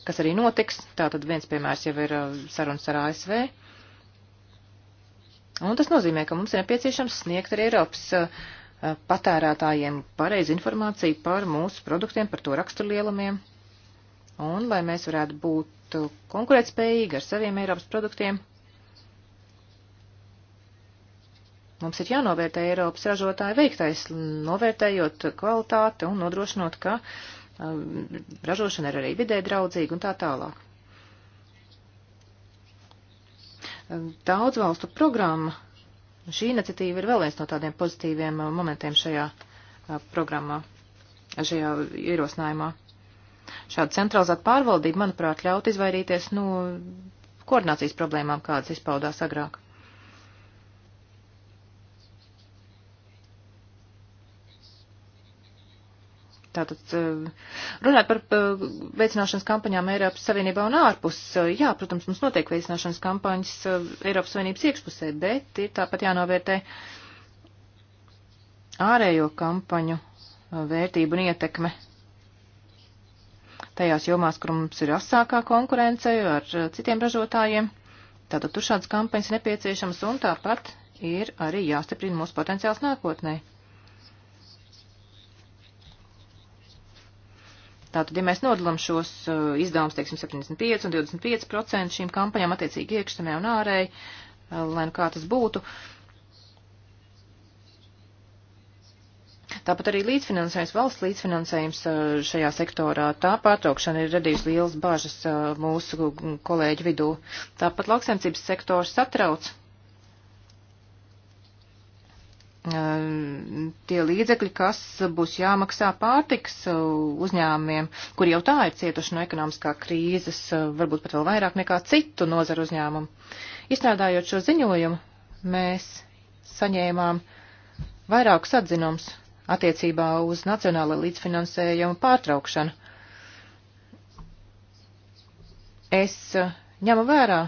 kas arī notiks. Tātad viens piemērs jau ir uh, sarunas ar ASV. Un tas nozīmē, ka mums ir nepieciešams sniegt arī Eiropas uh, uh, patērētājiem pareizi informāciju par mūsu produktiem, par to raksturlielumiem. Un lai mēs varētu būt konkurētspējīgi ar saviem Eiropas produktiem, Mums ir jānovērtē Eiropas ražotāja veiktais, novērtējot kvalitāti un nodrošinot, ka um, ražošana ir arī vidē draudzīga un tā tālāk. Um, daudz valstu programma. Šī iniciatīva ir vēl viens no tādiem pozitīviem uh, momentiem šajā uh, programmā, šajā ierosinājumā. Šāda centralizēta pārvaldība, manuprāt, ļaut izvairīties no koordinācijas problēmām, kādas izpaudās agrāk. Tātad eh, runāt par eh, veicināšanas kampaņām Eiropas Savienībā un ārpus. Eh, jā, protams, mums notiek veicināšanas kampaņas Eiropas Savienības iekšpusē, bet ir tāpat jānovērtē ārējo kampaņu vērtību un ietekme tajās jomās, kur mums ir asākā konkurence ar citiem ražotājiem. Tātad tur šādas kampaņas nepieciešamas un tāpat ir arī jāstiprina mūsu potenciāls nākotnē. Tātad, ja mēs nodalām šos uh, izdevumus, teiksim, 75 un 25% šīm kampaņām attiecīgi iekšzemē un ārēji, uh, lai nu kā tas būtu, Tāpat arī līdzfinansējums, valsts līdzfinansējums uh, šajā sektorā, tā pārtraukšana ir radījusi lielas bažas mūsu kolēģu vidū. Tāpat lauksaimniecības sektors satrauc Ehm, tie līdzekļi, kas būs jāmaksā pārtiks eh, uzņēmumiem, kur jau tā ir cietuši no ekonomiskā krīzes, eh, varbūt pat vēl vairāk nekā citu nozaru uzņēmumu. Izstrādājot šo ziņojumu, mēs saņēmām vairākus atzinums attiecībā uz nacionāla līdzfinansējuma pārtraukšanu. Es eh, ņemu vērā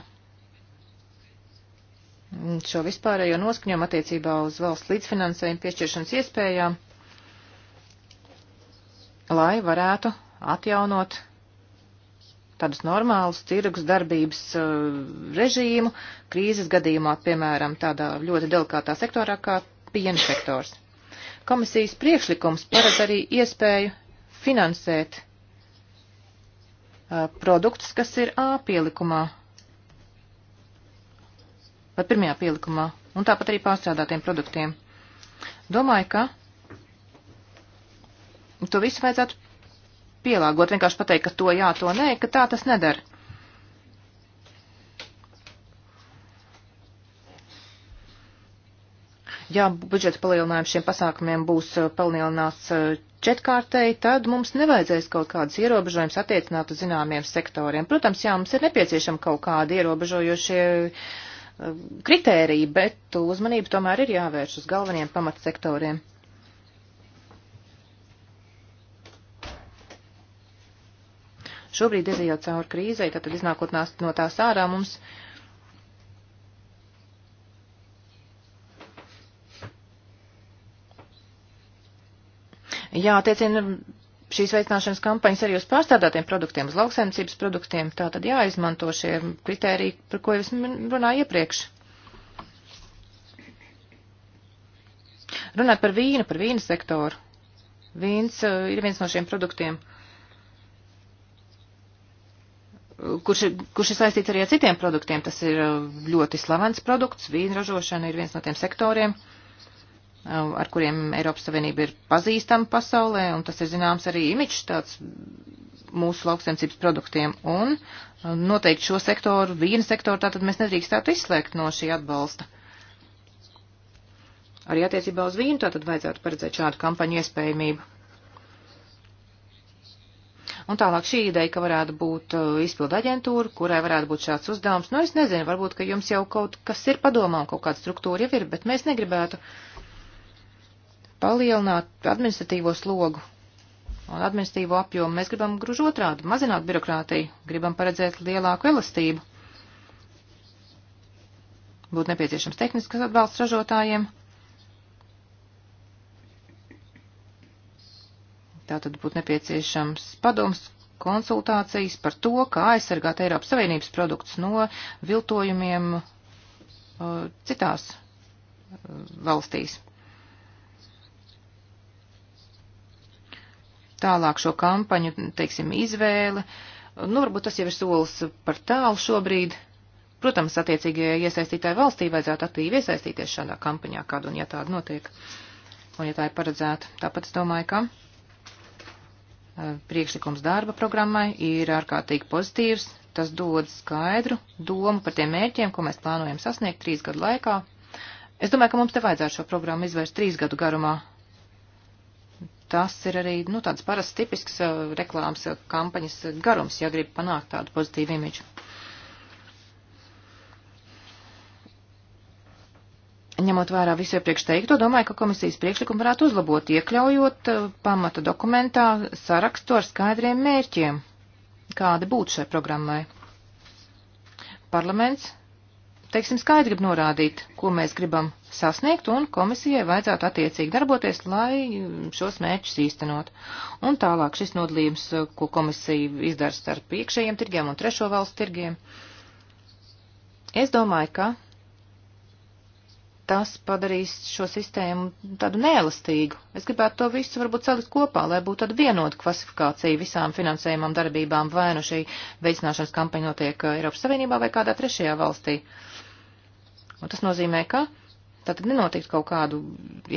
šo vispārējo noskaņojumu attiecībā uz valsts līdzfinansējumu piešķiršanas iespējām, lai varētu atjaunot tādus normālus tirgus darbības eh, režīmu krīzes gadījumā, piemēram, tādā ļoti delikātā sektorā kā piena sektors. Komisijas priekšlikums paredz arī iespēju finansēt eh, produktus, kas ir A pielikumā vai pirmajā pielikumā, un tāpat arī pārstrādātiem produktiem. Domāju, ka to visu vajadzētu pielāgot, vienkārši pateikt, ka to jā, to nē, ka tā tas nedara. ja budžeta palielinājums šiem pasākumiem būs eh, palielināts eh, četkārtēji, tad mums nevajadzēs kaut kādas ierobežojumus attiecināt uz zināmiem sektoriem. Protams, jā, mums ir nepieciešama kaut kāda ierobežojošie kritēriji, bet uzmanība tomēr ir jāvērš uz galveniem pamatsektoriem. Šobrīd izējot cauri krīzei, tātad iznākot no tās ārā mums. Jātiecina šīs veicināšanas kampaņas arī uz pārstādātiem produktiem, uz lauksaimniecības produktiem, tā tad jāizmanto šie kritēriji, par ko es runāju iepriekš. Runāt par vīnu, par vīnu sektoru. Vīns uh, ir viens no šiem produktiem, kurš, kurš ir saistīts arī ar citiem produktiem. Tas ir eh, ļoti slavens produkts, vīna ražošana ir viens no tiem sektoriem. Uh, Um, ar kuriem Eiropas Savienība ir pazīstama pasaulē, un tas ir zināms arī imičs tāds mūsu lauksaimniecības produktiem. Un um, noteikti šo sektoru, vīna sektoru, tātad mēs nedrīkstētu izslēgt no šī atbalsta. Arī attiecībā uz vīnu tātad vajadzētu paredzēt šādu kampaņu iespējamību. Un tālāk šī ideja, ka varētu būt uh, izpildu aģentūra, kurai varētu būt šāds uzdevums, nu es nezinu, varbūt, ka jums jau kaut kas ir padomā, kaut kāda struktūra jau ir, bet mēs negribētu uh, palielināt administratīvo slogu un administratīvo apjomu. Mēs gribam gruž otrādi, mazināt birokrātiju, gribam paredzēt lielāku elastību. Būtu nepieciešams tehniskas atbalsts ražotājiem. Tātad būtu nepieciešams padoms, konsultācijas par to, kā aizsargāt Eiropas Savienības produktus no viltojumiem uh, citās uh, valstīs. tālāk šo kampaņu, teiksim, izvēle. Nu, varbūt tas jau ir solis par tālu šobrīd. Protams, attiecīgajai iesaistītāji valstī vajadzētu aktīvi iesaistīties šādā kampaņā, kādu un ja tāda notiek, un ja tā ir paredzēta. Tāpēc es domāju, ka priekšlikums darba programmai ir ārkārtīgi pozitīvs. Tas dod skaidru domu par tiem mērķiem, ko mēs plānojam sasniegt trīs gadu laikā. Es domāju, ka mums te vajadzētu šo programmu izvērst trīs gadu garumā, tas ir arī, nu, tāds parasts tipisks uh, reklāmas uh, kampaņas garums, ja grib panākt tādu pozitīvu imidžu. Ņemot vērā visu iepriekš teikto, domāju, ka komisijas priekšlikumu varētu uzlabot, iekļaujot uh, pamata dokumentā sarakstu ar skaidriem mērķiem, kādi būtu šai programmai. Parlaments teiksim, skaidri grib norādīt, ko mēs gribam sasniegt, un komisijai vajadzētu attiecīgi darboties, lai šos mērķus īstenot. Un tālāk šis nodalījums, ko komisija izdara starp iekšējiem tirgiem un trešo valstu tirgiem. Es domāju, ka tas padarīs šo sistēmu tādu neelastīgu. Es gribētu to visu varbūt salikt kopā, lai būtu tāda vienota klasifikācija visām finansējumam darbībām, vai nu šī veicināšanas kampaņa notiek uh, Eiropas Savienībā vai kādā trešajā valstī. Uh, Un tas nozīmē, ka tātad nenotikt kaut kādu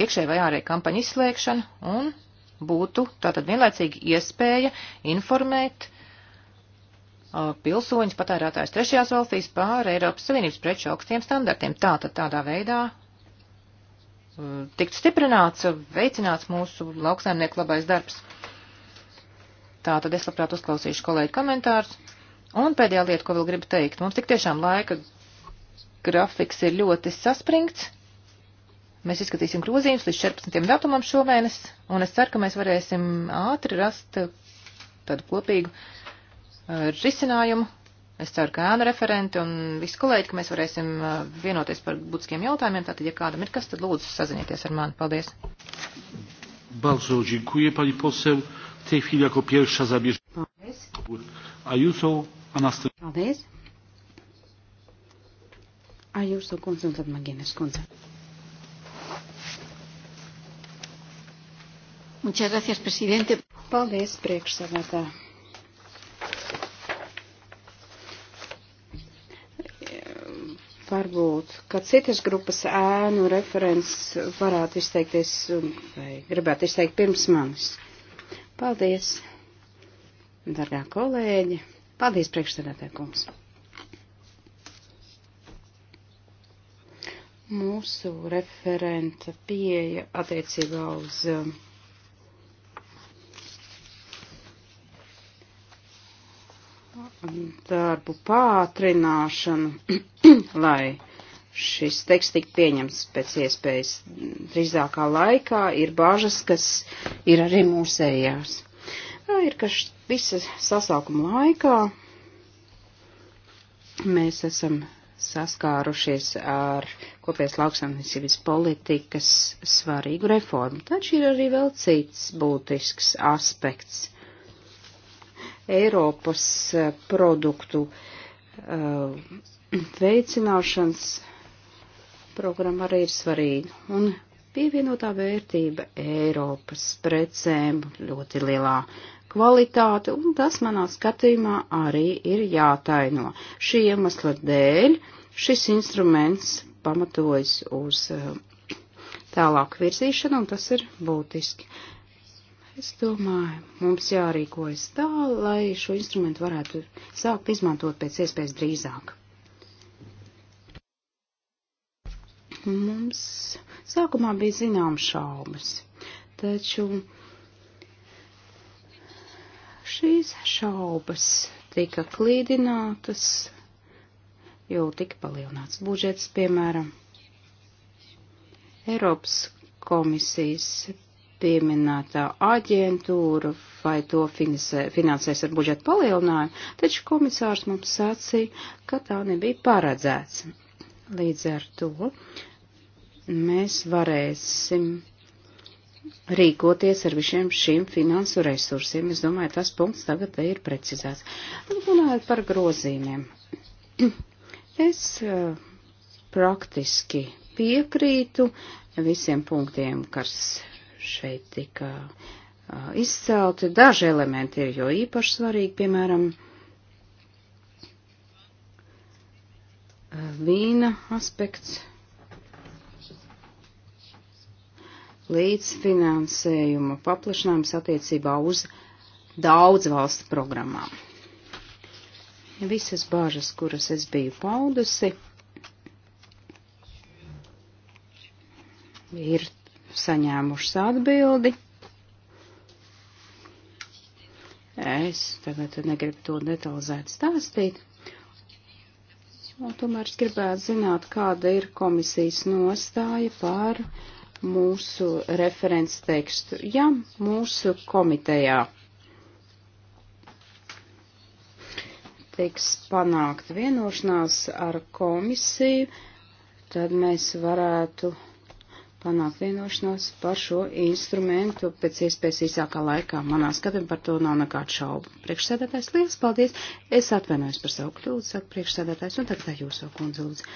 iekšēju vai ārēju kampaņu izslēgšanu un būtu tātad vienlaicīgi iespēja informēt uh, pilsoņus, patērētājus trešajās valstīs pār Eiropas Savienības preču augstiem standartiem. Tātad tādā veidā uh, tikt stiprināts, veicināts mūsu lauksaimnieku labais darbs. Tātad es labprāt uzklausīšu kolēģu komentārus. Un pēdējā lieta, ko vēl gribu teikt, mums tik tiešām laika grafiks ir ļoti saspringts. Mēs izskatīsim grozījumus līdz 14. datumam šomēnes, un es ceru, ka mēs varēsim ātri rast tādu kopīgu uh, risinājumu. Es ceru, ka ēnu referenti un visi kolēģi, ka mēs varēsim uh, vienoties par būtiskiem jautājumiem. Tātad, ja kādam ir kas, tad lūdzu sazinieties ar mani. Paldies. Bardzo dziękuję, pani poseł. W tej chwili jako pierwsza zabierze Paldies. Ajuso, a następnie. Paldies. Ajūso kundze un tad Magienes kundze. Muchas gracias, presidente. Paldies, priekšsavātā. varbūt, ka citas grupas ēnu referents varētu izteikties vai gribētu izteikt pirms manis. Paldies, dargā kolēģi. Paldies, priekšsēdētāj kungs. Mūsu referenta pieeja attiecībā uz um, darbu pātrināšanu, lai šis teksts tik pieņems pēc iespējas drīzākā laikā, ir bažas, kas ir arī mūsējās. Ir, ka visas sasaukuma laikā mēs esam saskārušies ar kopies lauksamniecības politikas svarīgu reformu. Taču ir arī vēl cits būtisks aspekts. Eiropas eh, produktu uh, veicināšanas programma arī ir svarīga. Un pievienotā vērtība Eiropas precēm ļoti lielā kvalitāti, un tas manā skatījumā arī ir jātaino. Šī iemesla dēļ šis instruments pamatojas uz eh, tālāku virzīšanu, un tas ir būtiski. Es domāju, mums jārīkojas tā, lai šo instrumentu varētu sākt izmantot pēc iespējas drīzāk. Mums sākumā bija zināmas šaubas, taču Šīs šaubas tika klīdinātas, jo tika palielināts budžets, piemēram, Eiropas komisijas pieminētā aģentūra vai to finansēs ar budžetu palielinājumu, taču komisārs mums sacīja, ka tā nebija paredzēts. Līdz ar to mēs varēsim rīkoties ar visiem šiem finansu resursiem. Es domāju, tas punkts tagad te ir precizēts. Runājot par grozījumiem. Es eh, praktiski piekrītu visiem punktiem, kas šeit tika eh, izcelti. Daži elementi ir jo īpaši svarīgi, piemēram, eh, vīna aspekts. līdz finansējuma paplašinājums attiecībā uz daudz valstu programmām. Visas bāžas, kuras es biju paudusi, ir saņēmušas atbildi. Es tagad negribu to detalizēt stāstīt. Un tomēr es gribētu zināt, kāda ir komisijas nostāja par uh, mūsu referents tekstu, ja mūsu komitejā tiks panākt vienošanās ar komisiju, tad mēs varētu panākt vienošanos par šo instrumentu pēc iespējas īsākā laikā. Manā skatījumā par to nav nekādu šaubu. Priekšsēdētājs, liels paldies! Es atvainojos par savu kļūdu, saka priekšsēdētājs, un tagad jūsu kundze lūdzu.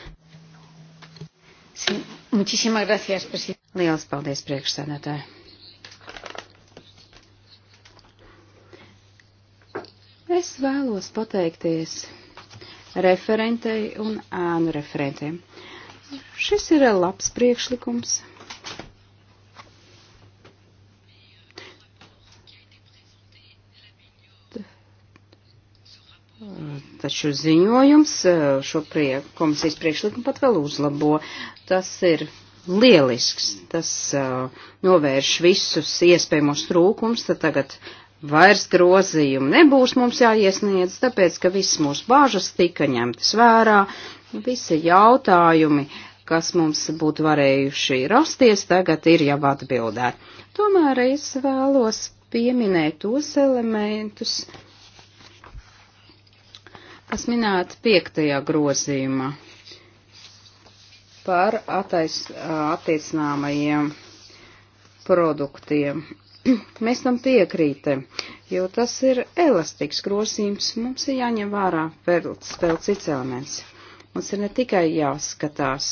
Sí, muchísimas gracias, presidente. Liels paldies priekšsēdētāji! Es vēlos pateikties referentei un ēnu referentiem. Šis ir labs priekšlikums. Taču ziņojums eh, šo prie, komisijas priekšlikumu pat vēl uzlabo. Tas ir lielisks. Tas uh, novērš visus iespējamos trūkums, tad tagad vairs grozījumu nebūs mums jāiesniedz, tāpēc, ka visas mūsu bāžas tika ņemtas vērā, visi jautājumi, kas mums būtu varējuši rasties, tagad ir jau atbildēti. Tomēr es vēlos pieminēt tos elementus, kas minēti piektajā grozījumā par attais, attiecināmajiem produktiem. Mēs tam piekrītam, jo tas ir elastīgs grozījums. Mums ir jāņem vērā vēl, vēl cits elements. Mums ir ne tikai jāskatās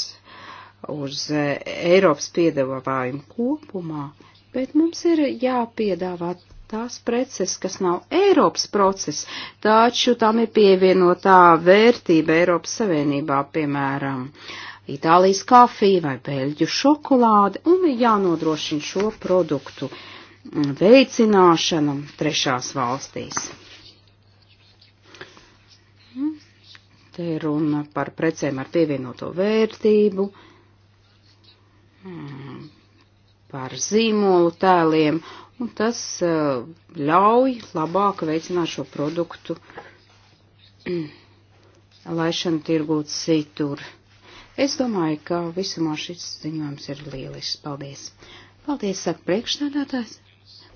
uz Eiropas piedāvājumu kopumā, bet mums ir jāpiedāvā tās preces, kas nav Eiropas process, taču tam ir pievienotā vērtība Eiropas Savienībā, piemēram, Itālijas kafiju vai beļģu šokolādi un jānodrošina šo produktu mm, veicināšana trešās valstīs. Mm. Te ir runa par precēm ar pievienoto vērtību, mm, par zīmolu tēliem, un tas e, ļauj labāk veicināt šo produktu laišanu tirgūt citur. Es domāju, ka visumā šis ziņojums ir lielisks. Paldies! Paldies, saka priekšstādātājs.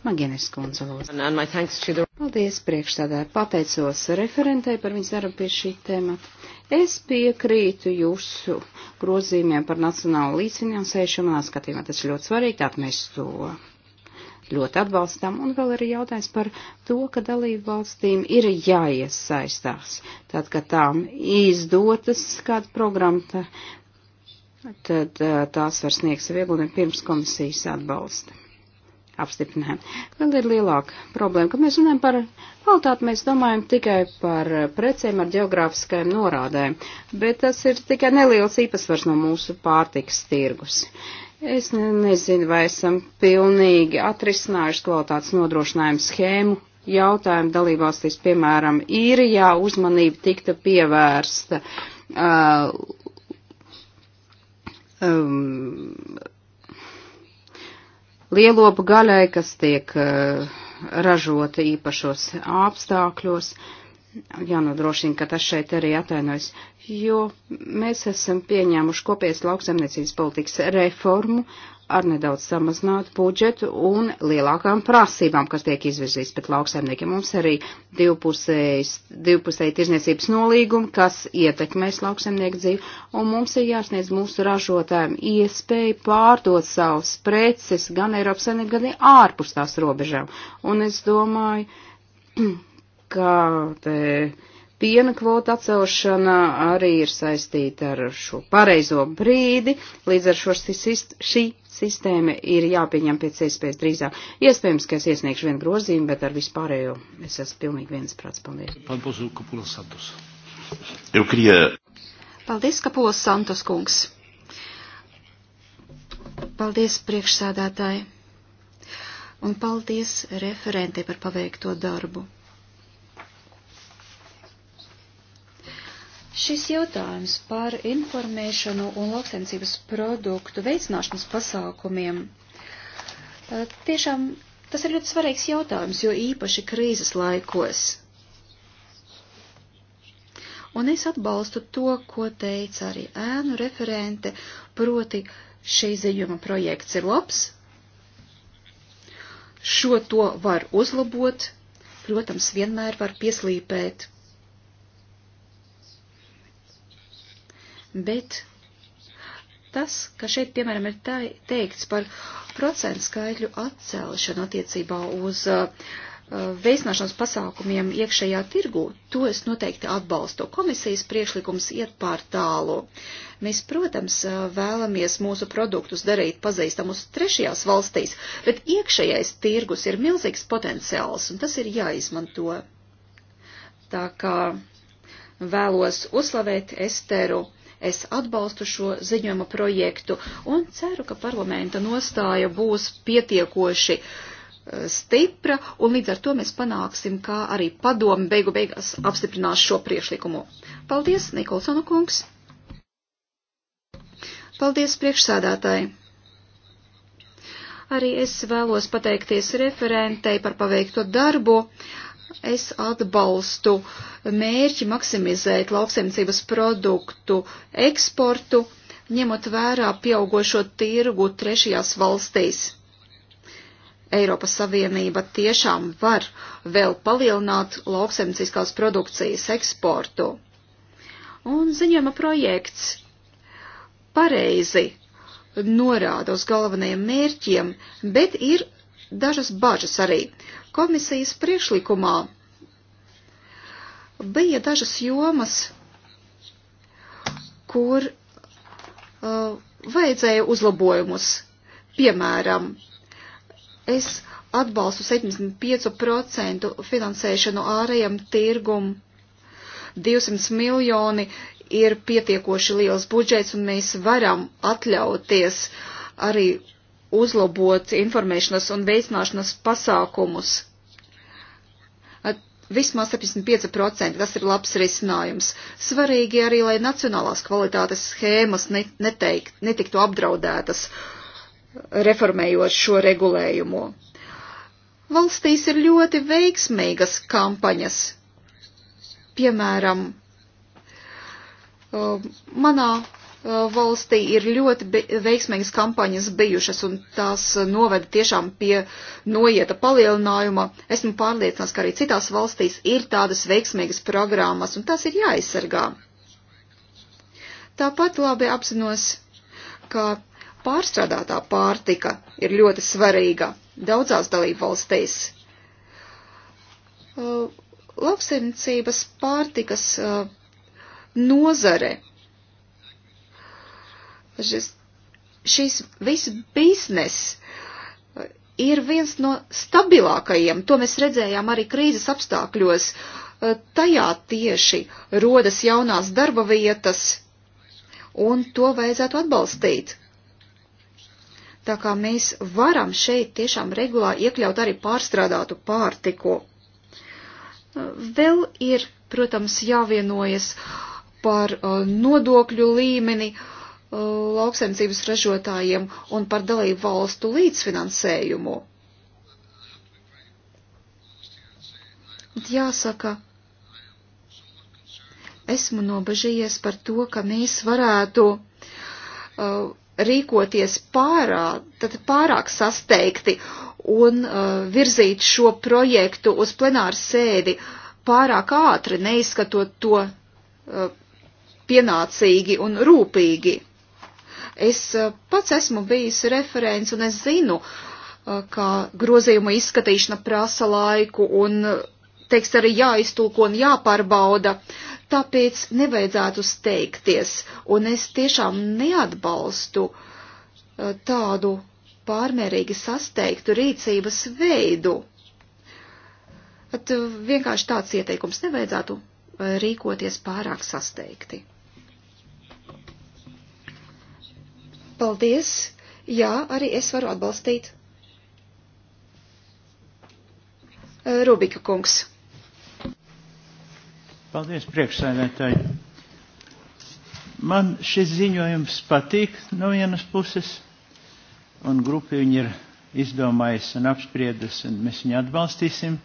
Magienes kundze, lūdzu. Paldies, priekšstādātāji. Pateicos referentei par viņas darbu pie šī temata. Es piekrītu jūsu grozījumiem par nacionālu līdzfinansēšanu, skatījumā tas ļoti svarīgi, tātad mēs to ļoti atbalstām, un vēl arī jautājums par to, ka dalību valstīm ir jāiesaistās. Tad, kad tām izdotas kāda programma, tad tās var sniegt sev ieguldījumu pirms komisijas atbalsta apstiprinājumu. Vēl ir lielāka problēma, kad mēs runājam par kvalitāti, mēs domājam tikai par precēm ar geogrāfiskajām norādēm, bet tas ir tikai neliels īpatsvars no mūsu pārtikas tirgus. Uh, Es ne, nezinu, vai esam pilnīgi atrisinājuši kvalitātes nodrošinājumu schēmu. Jautājumu dalībvalstīs, piemēram, īrijā uzmanība tikta pievērsta uh, um, lielopu gaļai, kas tiek uh, ražota īpašos apstākļos. Jānodrošina, ka tas šeit arī atainojas jo mēs esam pieņēmuši kopējas lauksaimniecības politikas reformu ar nedaudz samazinātu budžetu un lielākām prasībām, kas tiek izvirzīts pret lauksaimniekiem. Mums arī divpusēji tirzniecības nolīgumi, kas ietekmēs lauksaimnieku dzīvi, un mums ir jāsniedz mūsu ražotājiem iespēju pārdot savus preces gan Eiropas Savienībā, gan ārpus tās robežām. Un es domāju, ka te piena kvota atcelšana arī ir saistīta ar šo pareizo brīdi, līdz ar šo šī sistēma ir jāpieņem pēc iespējas drīzāk. Iespējams, ka es iesniegšu vienu grozīmu, bet ar vispārējo es esmu pilnīgi viensprāts. Paldies. Paldies, Kapulas Santos kungs. Paldies, priekšsēdētāji. Un paldies referentei par paveikto darbu. Šis jautājums par informēšanu un lauksaimniecības produktu veicināšanas pasākumiem tiešām tas ir ļoti svarīgs jautājums, jo īpaši krīzes laikos. Un es atbalstu to, ko teica arī ēnu referente, proti šī ziņojuma projekts ir labs, šo to var uzlabot, protams, vienmēr var pieslīpēt bet tas, ka šeit, piemēram, ir tā, teikts par procentu skaidļu atcelšanu attiecībā uz uh, uh, veicināšanas pasākumiem iekšējā tirgu, to es noteikti atbalstu. Komisijas priekšlikums iet pār tālu. Mēs, protams, uh, vēlamies mūsu produktus darīt pazīstamus trešajās valstīs, bet iekšējais tirgus ir milzīgs potenciāls, un tas ir jāizmanto. Tā kā vēlos uzslavēt Esteru Es atbalstu šo ziņojuma projektu un ceru, ka parlamenta nostāja būs pietiekoši eh, stipra, un līdz ar to mēs panāksim, kā arī padomi beigu beigās apstiprinās šo priekšlikumu. Paldies, Nikolsona kungs! Paldies, priekšsādātāji! Arī es vēlos pateikties referentei par paveikto darbu. Uh, Es atbalstu mērķi maksimizēt lauksaimniecības produktu eksportu, ņemot vērā pieaugošo tirgu trešajās valstīs. Eiropas Savienība tiešām var vēl palielināt lauksaimnieciskās produkcijas eksportu. Un ziņojuma projekts pareizi norāda uz galvenajiem mērķiem, bet ir dažas bažas arī. Komisijas priešlikumā bija dažas jomas, kur uh, vajadzēja uzlabojumus. Piemēram, es atbalstu 75% finansēšanu ārējam tirgum. 200 miljoni ir pietiekoši liels budžets, un mēs varam atļauties arī uzlabot informēšanas un veicināšanas pasākumus. Vismaz 75% tas ir labs risinājums. Svarīgi arī, lai nacionālās kvalitātes schēmas neteik, netiktu apdraudētas, reformējot šo regulējumu. Valstīs ir ļoti veiksmīgas kampaņas. Piemēram, uh, manā Uh, valstī ir ļoti veiksmīgas kampaņas bijušas, un tās uh, noveda tiešām pie noieta palielinājuma. Esmu pārliecināts, ka arī citās valstīs ir tādas veiksmīgas programmas, un tās ir jāaizsargā. Tāpat labi apzinos, ka pārstrādātā pārtika ir ļoti svarīga daudzās dalību valstīs. Uh, lauksaimniecības pārtikas nozare šis, šis viss biznes ir viens no stabilākajiem, to mēs redzējām arī krīzes apstākļos. Tajā tieši rodas jaunās darba vietas, un to vajadzētu atbalstīt. Tā kā mēs varam šeit tiešām regulā iekļaut arī pārstrādātu pārtiku. Vēl ir, protams, jāvienojas par uh, nodokļu līmeni, uh, lauksaimniecības ražotājiem un par dalību valstu līdzfinansējumu. Jāsaka, esmu nobežījies par to, ka mēs varētu uh, rīkoties pārāk, pārāk sasteigti un uh, virzīt šo projektu uz plenāru sēdi pārāk ātri, neizskatot to uh, pienācīgi un rūpīgi. Es eh, pats esmu bijis referents un es zinu, eh, ka grozījuma izskatīšana prasa laiku un eh, teksts arī jāiztulko un jāpārbauda. Tāpēc nevajadzētu steigties, un es tiešām neatbalstu tādu pārmērīgi sasteigtu rīcības veidu. At vienkārši tāds ieteikums nevajadzētu rīkoties pārāk sasteigti. Paldies! Jā, arī es varu atbalstīt. Eh, Rubika kungs. Paldies, priekšsēdētāji. Man šis ziņojums patīk no vienas puses, un grupi viņi ir izdomājusi un apspriedusi, un mēs viņu atbalstīsim,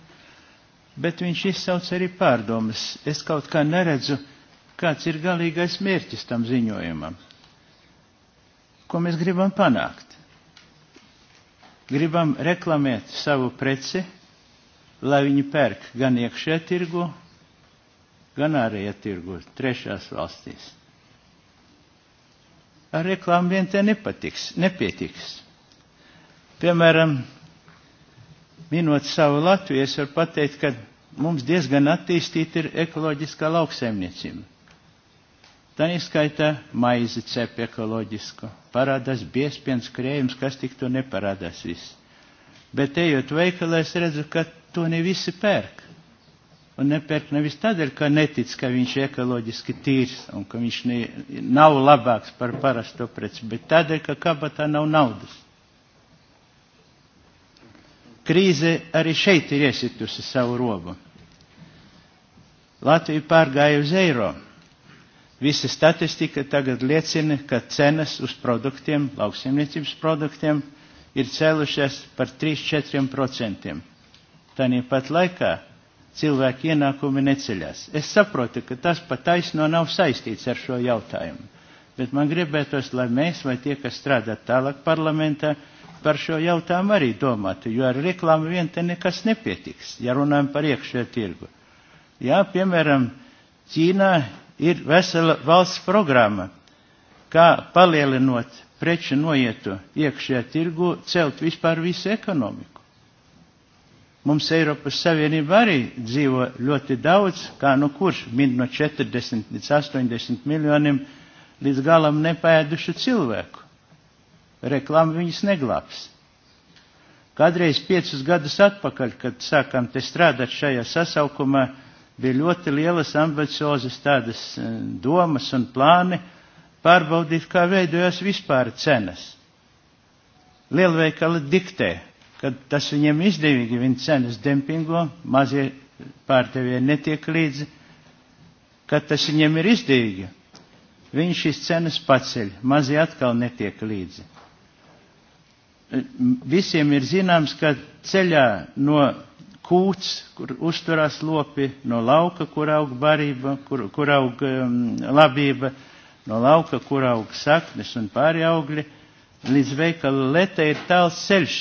bet viņš izsauc arī pārdomas. Es kaut kā neredzu, kāds ir galīgais mērķis tam ziņojumam ko mēs gribam panākt. Gribam reklamēt savu preci, lai viņi pērk gan iekšē tirgu, gan ārējā tirgu, trešās valstīs. Ar reklāmu vien te nepatiks, nepietiks. Piemēram, minot savu Latviju, es varu pateikt, ka mums diezgan attīstīta ir ekoloģiskā lauksaimniecība Tā ieskaitā maizi cep ekoloģisku, parādās biespiens krējums, kas tik to neparādās viss. Bet ejot veikalā, es redzu, ka to ne visi pērk. Un nepērk nevis tādēļ, ka netic, ka viņš ir ekoloģiski tīrs un ka viņš ne, nav labāks par parasto preci, bet tādēļ, ka kabatā nav naudas. Krīze arī šeit ir iesitusi savu robu. Latvija pārgāja uz Eiropu Visa statistika tagad liecina, ka cenas uz produktiem, lauksimniecības produktiem, ir cēlušās par 3-4%. Tādien pat laikā cilvēku ienākumi neceļās. Es saprotu, ka tas pataisno nav saistīts ar šo jautājumu, bet man gribētos, lai mēs vai tie, kas strādā tālāk parlamentā, par šo jautājumu arī domātu, jo ar reklāmu vien te nekas nepietiks, ja runājam par iekšējo tirgu. Jā, piemēram, Ķīnā ir vesela valsts programma, kā palielinot preču noietu iekšējā tirgu, celt vispār visu ekonomiku. Mums Eiropas Savienība arī dzīvo ļoti daudz, kā nu kurš min no 40 līdz 80 miljoniem līdz galam nepēdušu cilvēku. Reklāma viņus neglābs. Kādreiz piecus gadus atpakaļ, kad sākām te strādāt šajā sasaukumā, bija ļoti lielas ambiciozas tādas eh, domas un plāni pārbaudīt, kā veidojas vispār cenas. Lielveikali diktē, kad tas viņiem izdevīgi, viņi cenas dempingo, mazie pārdevēji netiek līdzi, kad tas viņiem ir izdevīgi, viņi šīs cenas paceļ, mazie atkal netiek līdzi. Visiem ir zināms, ka ceļā no kūts, kur uzturās lopi, no lauka, kur aug barība, kur, kur aug um, labība, no lauka, kur aug saknes un pāri augļi, līdz veikala letē ir tāls ceļš.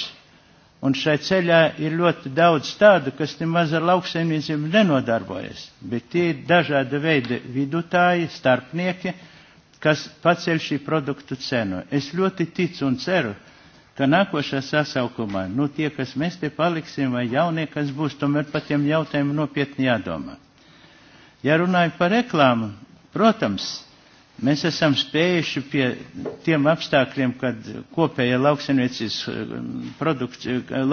Un šai ceļā ir ļoti daudz tādu, kas nemaz ar lauksaimniecību nenodarbojas, bet tie ir dažāda veida vidutāji, starpnieki, kas paceļ šī produktu cenu. Es ļoti ticu un ceru, ka nākošā sasaukumā, nu tie, kas mēs te paliksim vai jaunie, kas būs, tomēr par tiem jautājumiem nopietni jādomā. Ja runājam par reklāmu, protams, mēs esam spējuši pie tiem apstākļiem, kad kopēja lauksemniecības,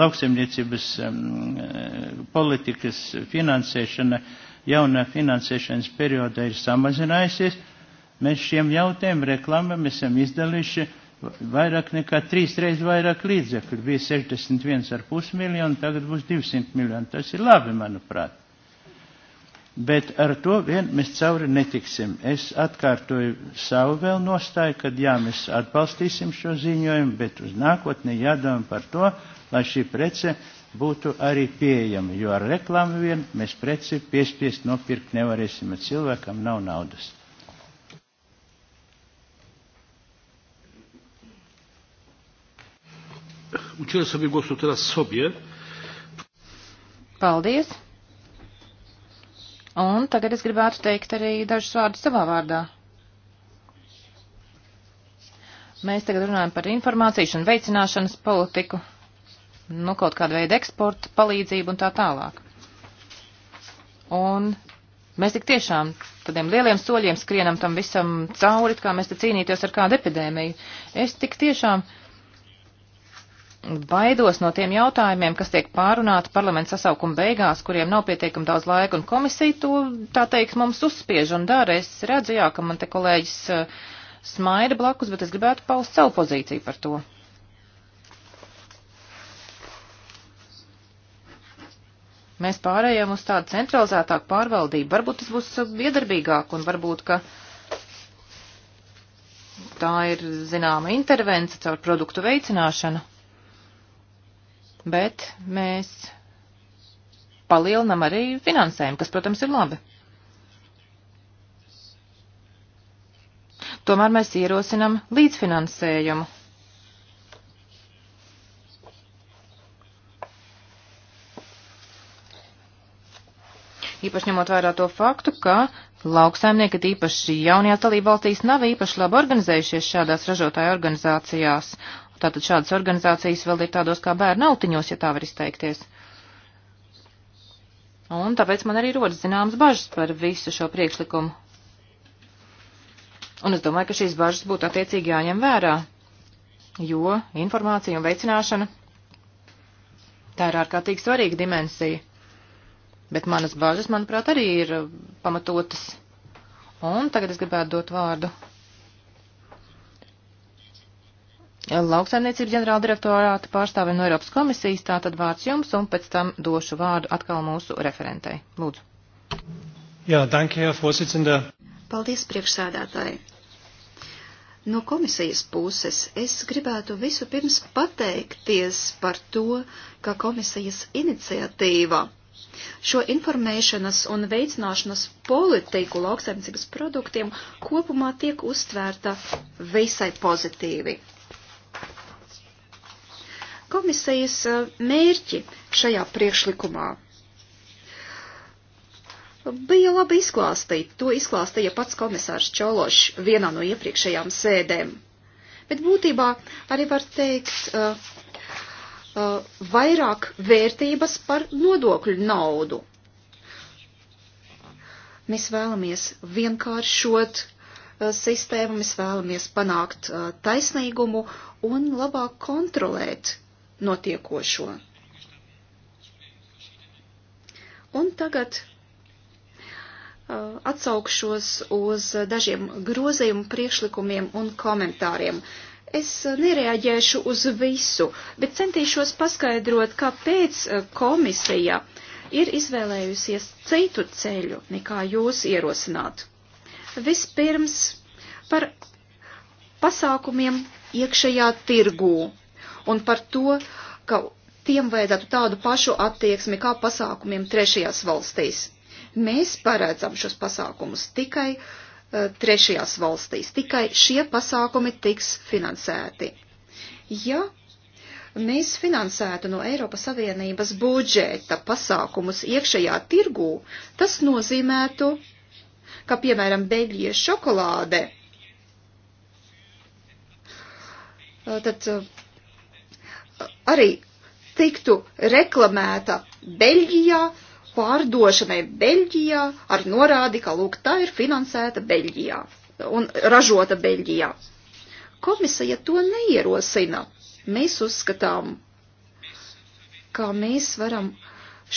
lauksemniecības um, politikas finansēšana jaunā finansēšanas periodā ir samazinājusies, mēs šiem jautājumiem reklāmam esam izdalījuši vairāk nekā trīsreiz vairāk līdzekļu. Bija 61,5 miljonu, tagad būs 200 miljoni. Tas ir labi, manuprāt. Bet ar to vien mēs cauri netiksim. Es atkārtoju savu vēl nostāju, kad jā, mēs atbalstīsim šo ziņojumu, bet uz nākotni jādomā par to, lai šī prece būtu arī pieejama, jo ar reklāmu vien mēs preci piespiest nopirkt nevarēsim, ja cilvēkam nav naudas. Udzielę sobie głosu teraz sobie. Paldies. Un tagad es gribētu teikt arī dažus vārdus savā vārdā. Mēs tagad runājam par informācijas un veicināšanas politiku, nu, kaut kādu veidu eksporta palīdzību un tā tālāk. Un mēs tik tiešām tādiem lieliem soļiem skrienam tam visam cauri, kā mēs te cīnīties ar kādu epidēmiju. Es tik tiešām. Uh, baidos no tiem jautājumiem, kas tiek pārunāti parlamenta sasaukuma beigās, kuriem nav pietiekami daudz laika, un komisija to, tā teikt, mums uzspiež un dara. Es redzu, jā, ka man te kolēģis uh, smaida blakus, bet es gribētu paust savu pozīciju par to. Mēs pārējām uz tādu centralizētāku pārvaldību. Varbūt tas būs iedarbīgāk un varbūt, ka tā ir zināma intervence caur produktu veicināšanu bet mēs palielinam arī finansējumu, kas, protams, ir labi. Tomēr mēs ierosinam līdzfinansējumu. Īpaši ņemot vērā to faktu, ka lauksaimnieki, īpaši jaunajās dalībvalstīs, nav īpaši labi organizējušies šādās ražotāju organizācijās, Tātad šādas organizācijas vēl ir tādos kā bērnu autiņos, ja tā var izteikties. Un tāpēc man arī rodas zināmas bažas par visu šo priekšlikumu. Un es domāju, ka šīs bažas būtu attiecīgi jāņem vērā, jo informācija un veicināšana tā ir ārkārtīgi svarīga dimensija. Bet manas bažas, manuprāt, arī ir pamatotas. Un tagad es gribētu dot vārdu lauksaimniecības ģenerāla direktorāta pārstāve no Eiropas komisijas, tātad vārds jums, un pēc tam došu vārdu atkal mūsu referentei. Lūdzu. Jā, danke, Herr Vorsitzender. Paldies, priekšsādātāji. No komisijas puses es gribētu visu pirms pateikties par to, ka komisijas iniciatīva šo informēšanas un veicināšanas politiku lauksaimniecības produktiem kopumā tiek uztvērta visai pozitīvi komisijas eh, mērķi šajā priekšlikumā? Bija labi izklāstīt, to izklāstīja pats komisārs Čološs vienā no iepriekšējām sēdēm. Bet būtībā arī var teikt uh, uh, vairāk vērtības par nodokļu naudu. Mēs vēlamies vienkāršot sistēmu, mēs vēlamies panākt taisnīgumu un labāk kontrolēt notiekošo. Un tagad uh, atsaukšos uz dažiem grozījumu priekšlikumiem un komentāriem. Es uh, nereaģēšu uz visu, bet centīšos paskaidrot, kāpēc uh, komisija ir izvēlējusies citu ceļu, nekā jūs ierosināt. Vispirms par pasākumiem iekšējā tirgū un par to, ka tiem vajadzētu tādu pašu attieksmi kā pasākumiem trešajās valstīs. Mēs paredzam šos pasākumus tikai uh, trešajās valstīs, tikai šie pasākumi tiks finansēti. Ja mēs finansētu no Eiropas Savienības budžeta pasākumus iekšējā tirgū, tas nozīmētu, ka, piemēram, Beļģijas šokolāde, eh, tad eh, arī tiktu reklamēta Beļģijā, pārdošanai Beļģijā ar norādi, ka lūk, tā ir finansēta Beļģijā un ražota Beļģijā. Komisija to neierosina. Mēs uzskatām, kā mēs varam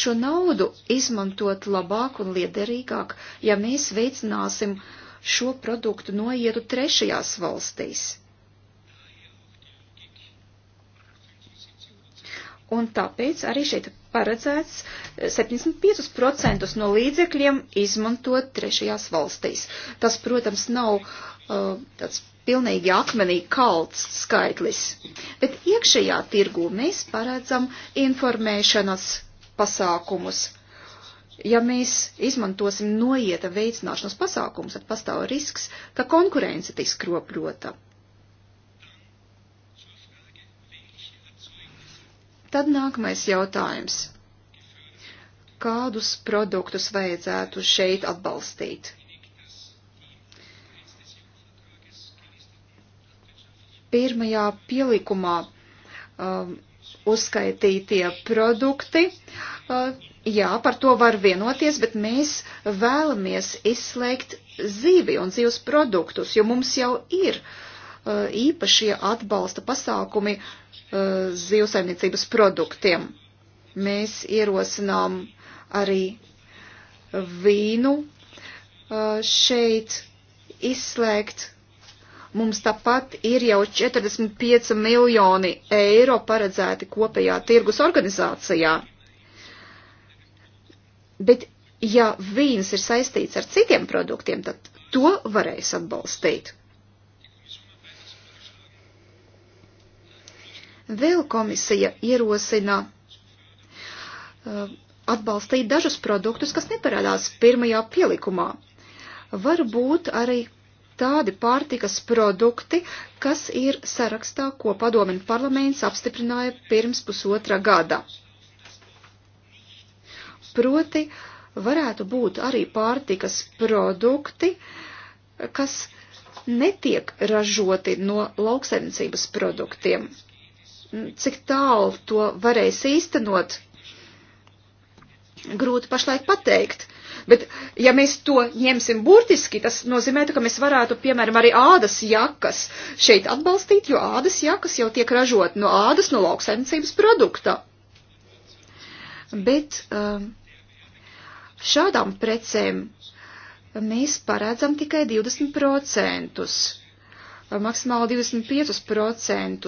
šo naudu izmantot labāk un liederīgāk, ja mēs veicināsim šo produktu noietu trešajās valstīs. Un tāpēc arī šeit paredzēts 75% eh, no līdzekļiem izmantot trešajās valstīs. Tas, protams, nav uh, tāds pilnīgi akmenī kalts skaitlis, bet iekšējā tirgū mēs paredzam informēšanas pasākumus. Ja mēs izmantosim noieta veicināšanas pasākumus, tad pastāv risks, ka konkurence tiks kropļota. Tad nākamais jautājums. Kādus produktus vajadzētu šeit atbalstīt? Pirmajā pielikumā um, uzskaitītie produkti. Uh, jā, par to var vienoties, bet mēs vēlamies izslēgt zīvi un zīves produktus, jo mums jau ir uh, E, īpašie atbalsta pasākumi e, zivsaimniecības produktiem. Mēs ierosinām arī vīnu e, šeit izslēgt. Mums tāpat ir jau 45 miljoni eiro paredzēti kopējā tirgus organizācijā. Bet ja vīns ir saistīts ar citiem produktiem, tad to varēs atbalstīt. Vēl komisija ierosina uh, atbalstīt dažus produktus, kas neparādās pirmajā pielikumā. Varbūt arī tādi pārtikas produkti, kas ir sarakstā, ko padomju parlaments apstiprināja pirms pusotra gada. Proti, varētu būt arī pārtikas produkti, kas netiek ražoti no lauksaimniecības produktiem cik tālu to varēs īstenot, grūti pašlaik pateikt. Bet, ja mēs to ņemsim burtiski, tas nozīmē, ka mēs varētu, piemēram, arī ādas jakas šeit atbalstīt, jo ādas jakas jau tiek ražot no ādas, no lauksaimniecības produkta. Bet um, šādām precēm mēs paredzam tikai 20%, maksimāli 25%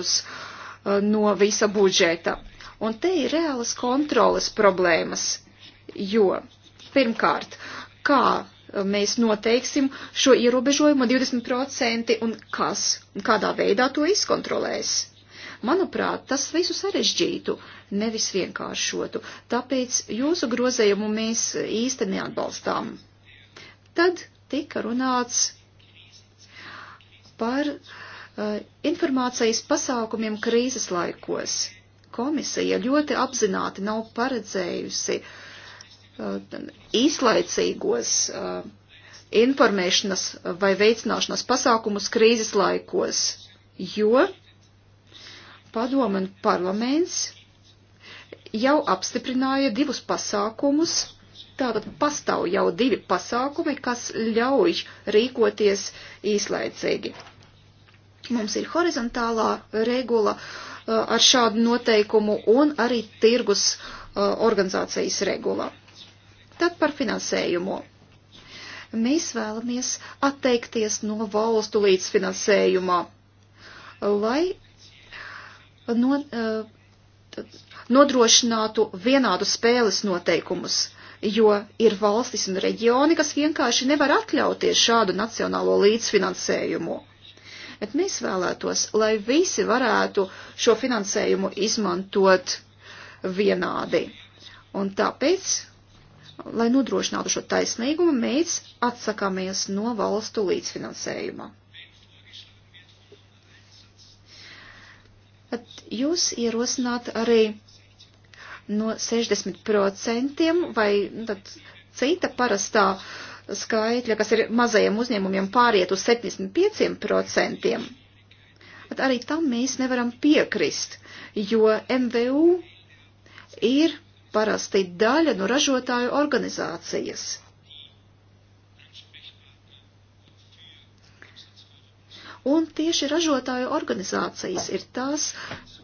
Uh, no visa budžeta. Un te ir reālas kontrolas problēmas, jo pirmkārt, kā uh, mēs noteiksim šo ierobežojumu 20% un kas un kādā veidā to izkontrolēs. Manuprāt, tas visu sarežģītu, nevis vienkāršotu, tāpēc jūsu grozējumu mēs īsti neatbalstām. Tad tika runāts par uh, Uh, informācijas pasākumiem krīzes laikos. Komisija ļoti apzināti nav paredzējusi uh, īslaicīgos uh, informēšanas vai veicināšanas pasākumus krīzes laikos, jo padomu un parlaments jau apstiprināja divus pasākumus. Tātad pastāv jau divi pasākumi, kas ļauj rīkoties īslaicīgi. Mums ir horizontālā regula uh, ar šādu noteikumu un arī tirgus uh, organizācijas regula. Tad par finansējumu. Mēs vēlamies atteikties no valstu līdzfinansējuma, lai no, uh, nodrošinātu vienādu spēles noteikumus, jo ir valstis un reģioni, kas vienkārši nevar atļauties šādu nacionālo līdzfinansējumu bet mēs vēlētos, lai visi varētu šo finansējumu izmantot vienādi. Un tāpēc, lai nodrošinātu šo taisnīgumu, mēs atsakāmies no valstu līdzfinansējuma. At jūs ierosināt arī no 60% vai nu, tad cita parastā uh, skaitļa, kas ir mazajiem uzņēmumiem pāriet uz 75%, tad arī tam mēs nevaram piekrist, jo MVU ir parasti daļa no ražotāju organizācijas. Un tieši ražotāju organizācijas ir tās,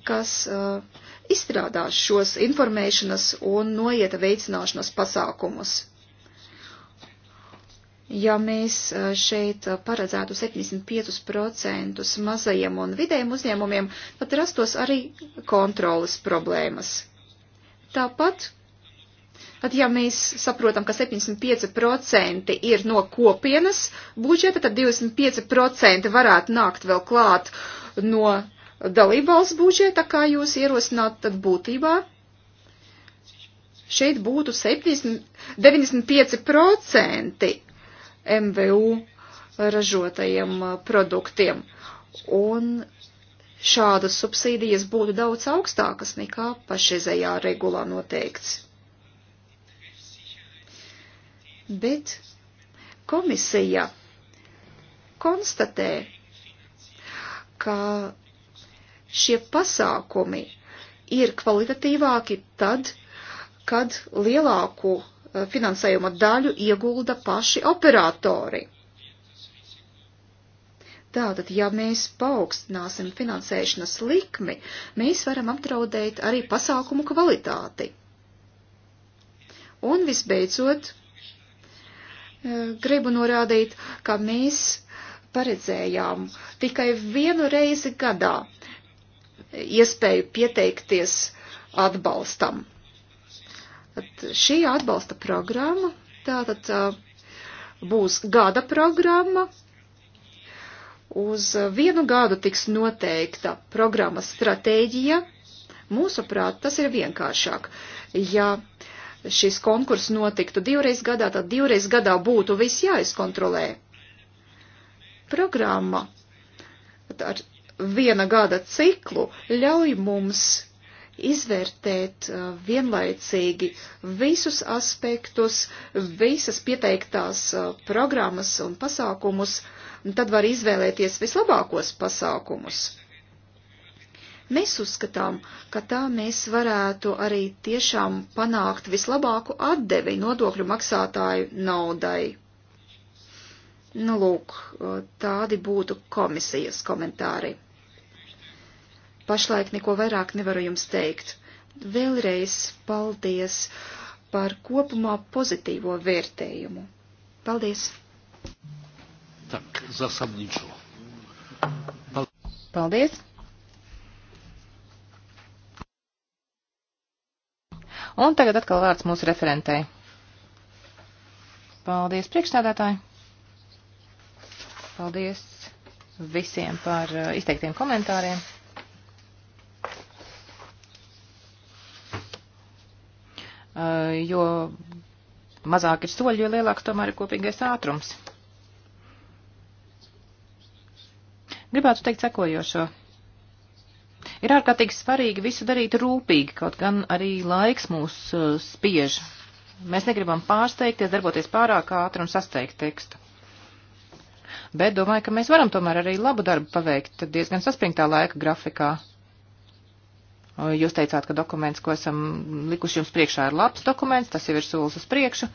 kas uh, izstrādās šos informēšanas un noieta veicināšanas pasākumus ja mēs e, šeit e, paredzētu 75% mazajiem un vidējiem uzņēmumiem, tad rastos arī kontrolas problēmas. Tāpat, tad ja mēs saprotam, ka 75% ir no kopienas budžeta, tad 25% varētu nākt vēl klāt no dalībvalsts budžeta, kā jūs ierosināt, tad būtībā šeit būtu 70, 95% MVU ražotajiem uh, produktiem. Un šādas subsīdijas būtu daudz augstākas nekā pašreizējā regulā noteikts. Bet komisija konstatē, ka šie pasākumi ir kvalitatīvāki tad, kad lielāku finansējuma daļu iegulda paši operatori. Tātad, ja mēs paaugstināsim finansēšanas likmi, mēs varam apdraudēt arī pasākumu kvalitāti. Un visbeidzot, eh, gribu norādīt, ka mēs paredzējām tikai vienu reizi gadā iespēju pieteikties atbalstam. Tad šī atbalsta programma, tātad būs gada programma, uz vienu gadu tiks noteikta programmas stratēģija. Mūsuprāt, tas ir vienkāršāk. Ja šis konkurss notiktu divreiz gadā, tad divreiz gadā būtu viss jāizkontrolē. Programma ar viena gada ciklu ļauj mums izvērtēt uh, vienlaicīgi visus aspektus, visas pieteiktās uh, programmas un pasākumus, un tad var izvēlēties vislabākos pasākumus. Mēs uzskatām, ka tā mēs varētu arī tiešām panākt vislabāku atdevi nodokļu maksātāju naudai. Nu, lūk, uh, tādi būtu komisijas komentāri pašlaik neko vairāk nevaru jums teikt. Vēlreiz paldies par kopumā pozitīvo vērtējumu. Paldies! Tak, zasadniczo. Paldies! Un tagad atkal vārds mūsu referentei. Paldies priekšstādātāji. Paldies visiem par uh, izteiktiem komentāriem. Eh, jo mazāk ir soļi, jo lielāks tomēr ir kopīgais ātrums. Gribētu teikt sekojošo. Ir ārkārtīgi svarīgi visu darīt rūpīgi, kaut gan arī laiks mūs eh, spiež. Mēs negribam pārsteigties, darboties pārāk ātri un sasteigt tekstu. Bet domāju, ka mēs varam tomēr arī labu darbu paveikt diezgan saspringtā laika grafikā. Uh, jūs teicāt, ka dokuments, ko esam likuši jums priekšā, ir labs dokuments, tas jau ir solis uz priekšu.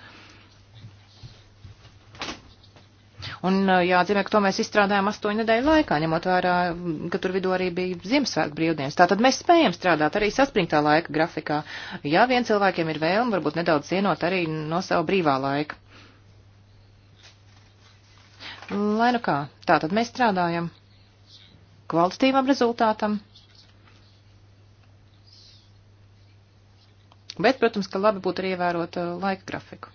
Un uh, jāatzīmē, ka to mēs izstrādājām astoņu nedēļu laikā, ņemot vērā, ka tur vidū arī bija Ziemassvētku brīvdienas. Tātad mēs spējam strādāt arī saspringtā laika grafikā. Jā, vien cilvēkiem ir vēlme varbūt nedaudz cienot arī no sava brīvā laika. Lai nu kā, tātad mēs strādājam kvalitatīvam rezultātam Bet, protams, ka labi būtu arī ievērot uh, laika grafiku.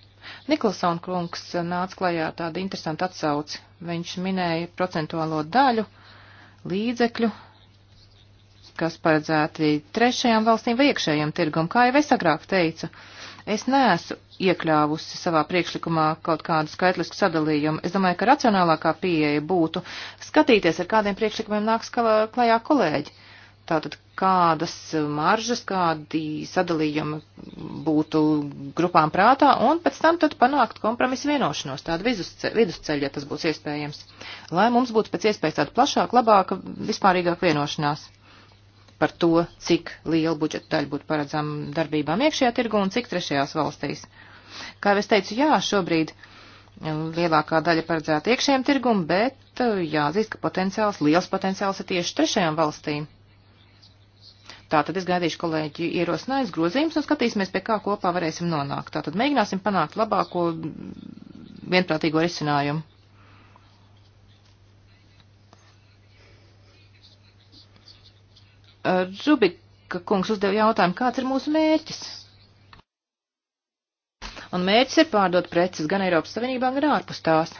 Niklausona kungs uh, nāca klajā tāda interesanta atsauci. Viņš minēja procentuālo daļu līdzekļu, kas paredzēti trešajām valstīm vai iekšējiem tirgum. Kā jau es agrāk teicu, es neesmu iekļāvusi savā priekšlikumā kaut kādu skaitlisku sadalījumu. Es domāju, ka racionālākā pieeja būtu skatīties, ar kādiem priekšlikumiem nāks klajā kolēģi. Tātad kādas maržas, kādi sadalījumi būtu grupām prātā, un pēc tam tad panākt kompromisu vienošanos, tādu vidusceļu, ja tas būs iespējams, lai mums būtu pēc iespējas tāda plašāka, labāka, vispārīgāka vienošanās par to, cik liela budžeta daļa būtu paredzama darbībām iekšējā tirgu un cik trešajās valstīs. Kā jau es teicu, jā, šobrīd eh, lielākā daļa paredzēta iekšējiem tirgum, bet eh, jāzīst, ka potenciāls, liels potenciāls ir tieši trešajām valstīm. Tātad es gaidīšu kolēģi ierosinājums grozījums un skatīsimies, pie kā kopā varēsim nonākt. Tātad mēģināsim panākt labāko vienprātīgo risinājumu. Rubika kungs uzdeva jautājumu, kāds ir mūsu mērķis? Un mērķis ir pārdot preces gan Eiropas Savienībā, gan ārpus tās.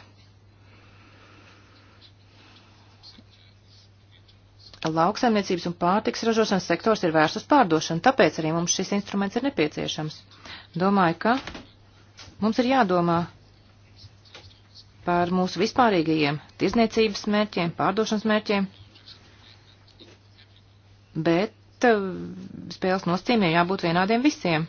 lauksaimniecības un pārtiks ražošanas sektors ir vērsts uz pārdošanu, tāpēc arī mums šis instruments ir nepieciešams. Domāju, ka mums ir jādomā par mūsu vispārīgajiem tirzniecības mērķiem, pārdošanas mērķiem, bet eh, spēles nostīmiem jābūt vienādiem visiem.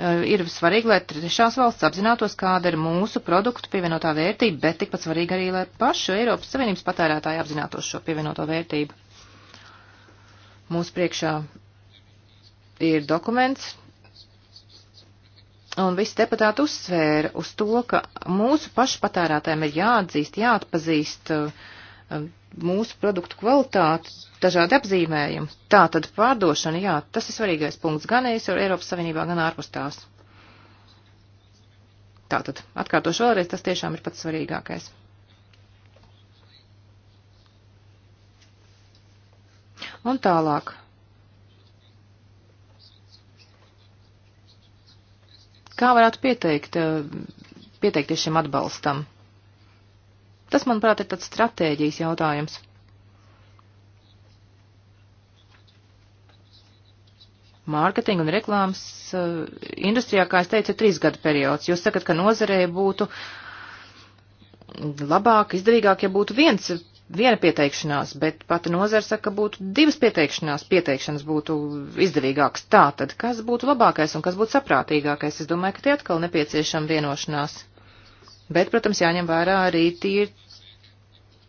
Eh, ir svarīgi, lai trešās valsts apzinātos, kāda ir mūsu produktu pievienotā vērtība, bet tikpat svarīgi arī, lai pašu Eiropas Savienības patērētāji apzinātos šo pievienoto vērtību. Mūsu priekšā ir dokuments, un visi deputāti uzsvēra uz to, ka mūsu pašu patērētājiem ir jāatzīst, jāatpazīst eh, mūsu produktu kvalitāti, dažādi apzīmējumi. Tā tad pārdošana, jā, tas ir svarīgais punkts gan Eiropas Savienībā, gan ārpus tās. Tātad, atkārtošu vēlreiz, tas tiešām ir pats svarīgākais. Un tālāk. Kā varētu pieteikt, pieteikties šim atbalstam? Tas, manuprāt, ir tāds stratēģijas jautājums. Mārketinga un reklāmas uh, industrijā, kā es teicu, ir trīs gadu periods. Jūs sakat, ka nozarē būtu labāk, izdevīgāk, ja būtu viens, viena pieteikšanās, bet pati nozara saka, ka būtu divas pieteikšanās, pieteikšanas būtu izdevīgāks. Tā tad, kas būtu labākais un kas būtu saprātīgākais? Es domāju, ka tie atkal nepieciešama vienošanās. Bet, protams, jāņem vērā arī tīri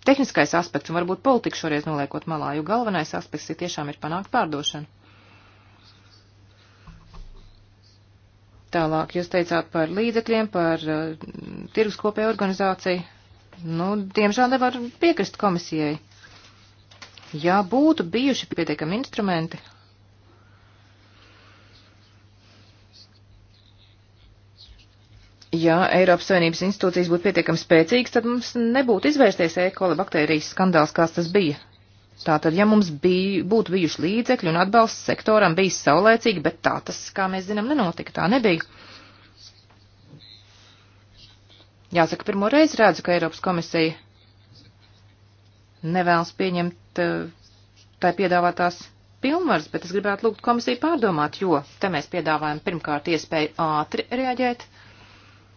tehniskais aspekts un varbūt politika šoreiz noliekot malā, jo galvenais aspekts ir tiešām ir panākt pārdošanu. Tālāk jūs teicāt par līdzekļiem, par uh, tirgus kopēju organizāciju. Nu, diemžēl nevar piekrist komisijai. Ja būtu bijuši pietiekami instrumenti, Ja Eiropas Savienības institūcijas būtu pietiekami spēcīgas, tad mums nebūtu izvērsties E. coli baktērijas skandāls, kāds tas bija. Tātad, ja mums bija, būtu bijuši līdzekļi un atbalsts sektoram bijis saulēcīgi, bet tā tas, kā mēs zinām, nenotika, tā nebija. Jāsaka, pirmo reizi redzu, ka Eiropas komisija nevēlas pieņemt eh, tā piedāvātās pilnvars, bet es gribētu lūgt komisiju pārdomāt, jo te mēs piedāvājam pirmkārt iespēju ātri reaģēt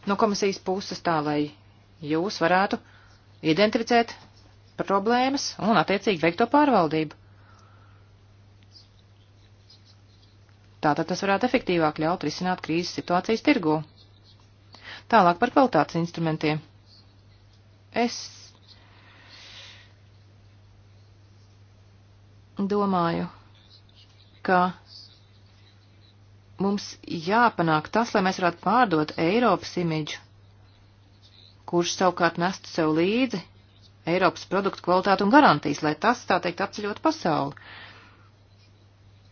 no komisijas puses tā, lai jūs varētu identificēt problēmas un attiecīgi veikt to pārvaldību. Tātad tas varētu efektīvāk ļaut risināt krīzes situācijas tirgu. Tālāk par kvalitātes instrumentiem. Es domāju, ka mums jāpanāk tas, lai mēs varētu pārdot Eiropas imidžu, kurš savukārt nestu sev līdzi Eiropas produktu kvalitāti un garantīs, lai tas, tā teikt, apceļot pasauli.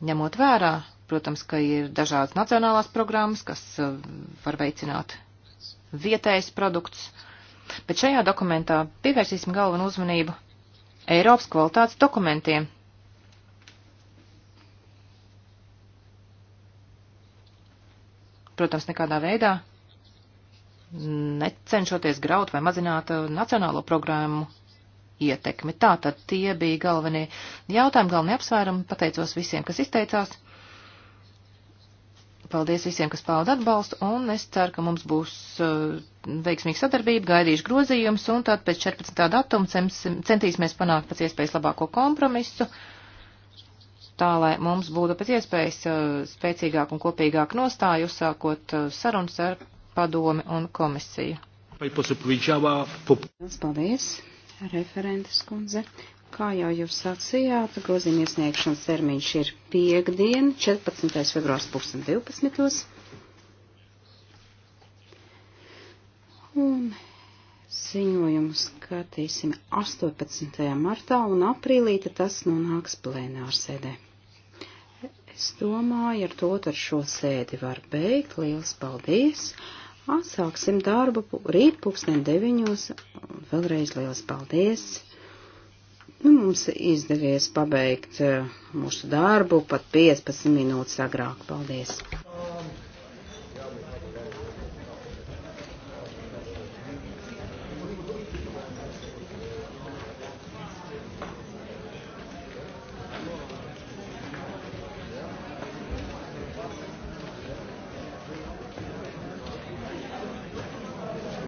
Ņemot vērā, protams, ka ir dažādas nacionālās programmas, kas eh, var veicināt vietējs produkts, bet šajā dokumentā pievērsīsim galvenu uzmanību Eiropas kvalitātes dokumentiem – protams, nekādā veidā necenšoties graut vai mazināt uh, nacionālo programmu ietekmi. Tā tad tie bija galvenie jautājumi, galvenie apsvērumi. Pateicos visiem, kas izteicās. Paldies visiem, kas pauda atbalstu, un es ceru, ka mums būs uh, veiksmīga sadarbība, gaidīšu grozījums, un tad pēc 14. datuma centīsimies panākt pēc iespējas labāko kompromisu. Uh, tā lai mums būtu pēc iespējas uh, spēcīgāk un kopīgāk nostāja uzsākot uh, sarunas ar padomi un komisiju. Paldies, referentes kundze. Kā jau jūs sacījāt, grozījuma iesniegšanas termiņš ir piekdien, 14. februārs 2012. Un ziņojumu skatīsim 18. martā un aprīlī, tad tas nonāks plēnārsēdē. Es domāju, ar to ar šo sēdi var beigt. Liels paldies! Atsāksim darbu rīt pūksteni deviņos. Vēlreiz liels paldies! Nu, mums izdevies pabeigt eh, mūsu darbu pat 15 minūtes agrāk. Paldies!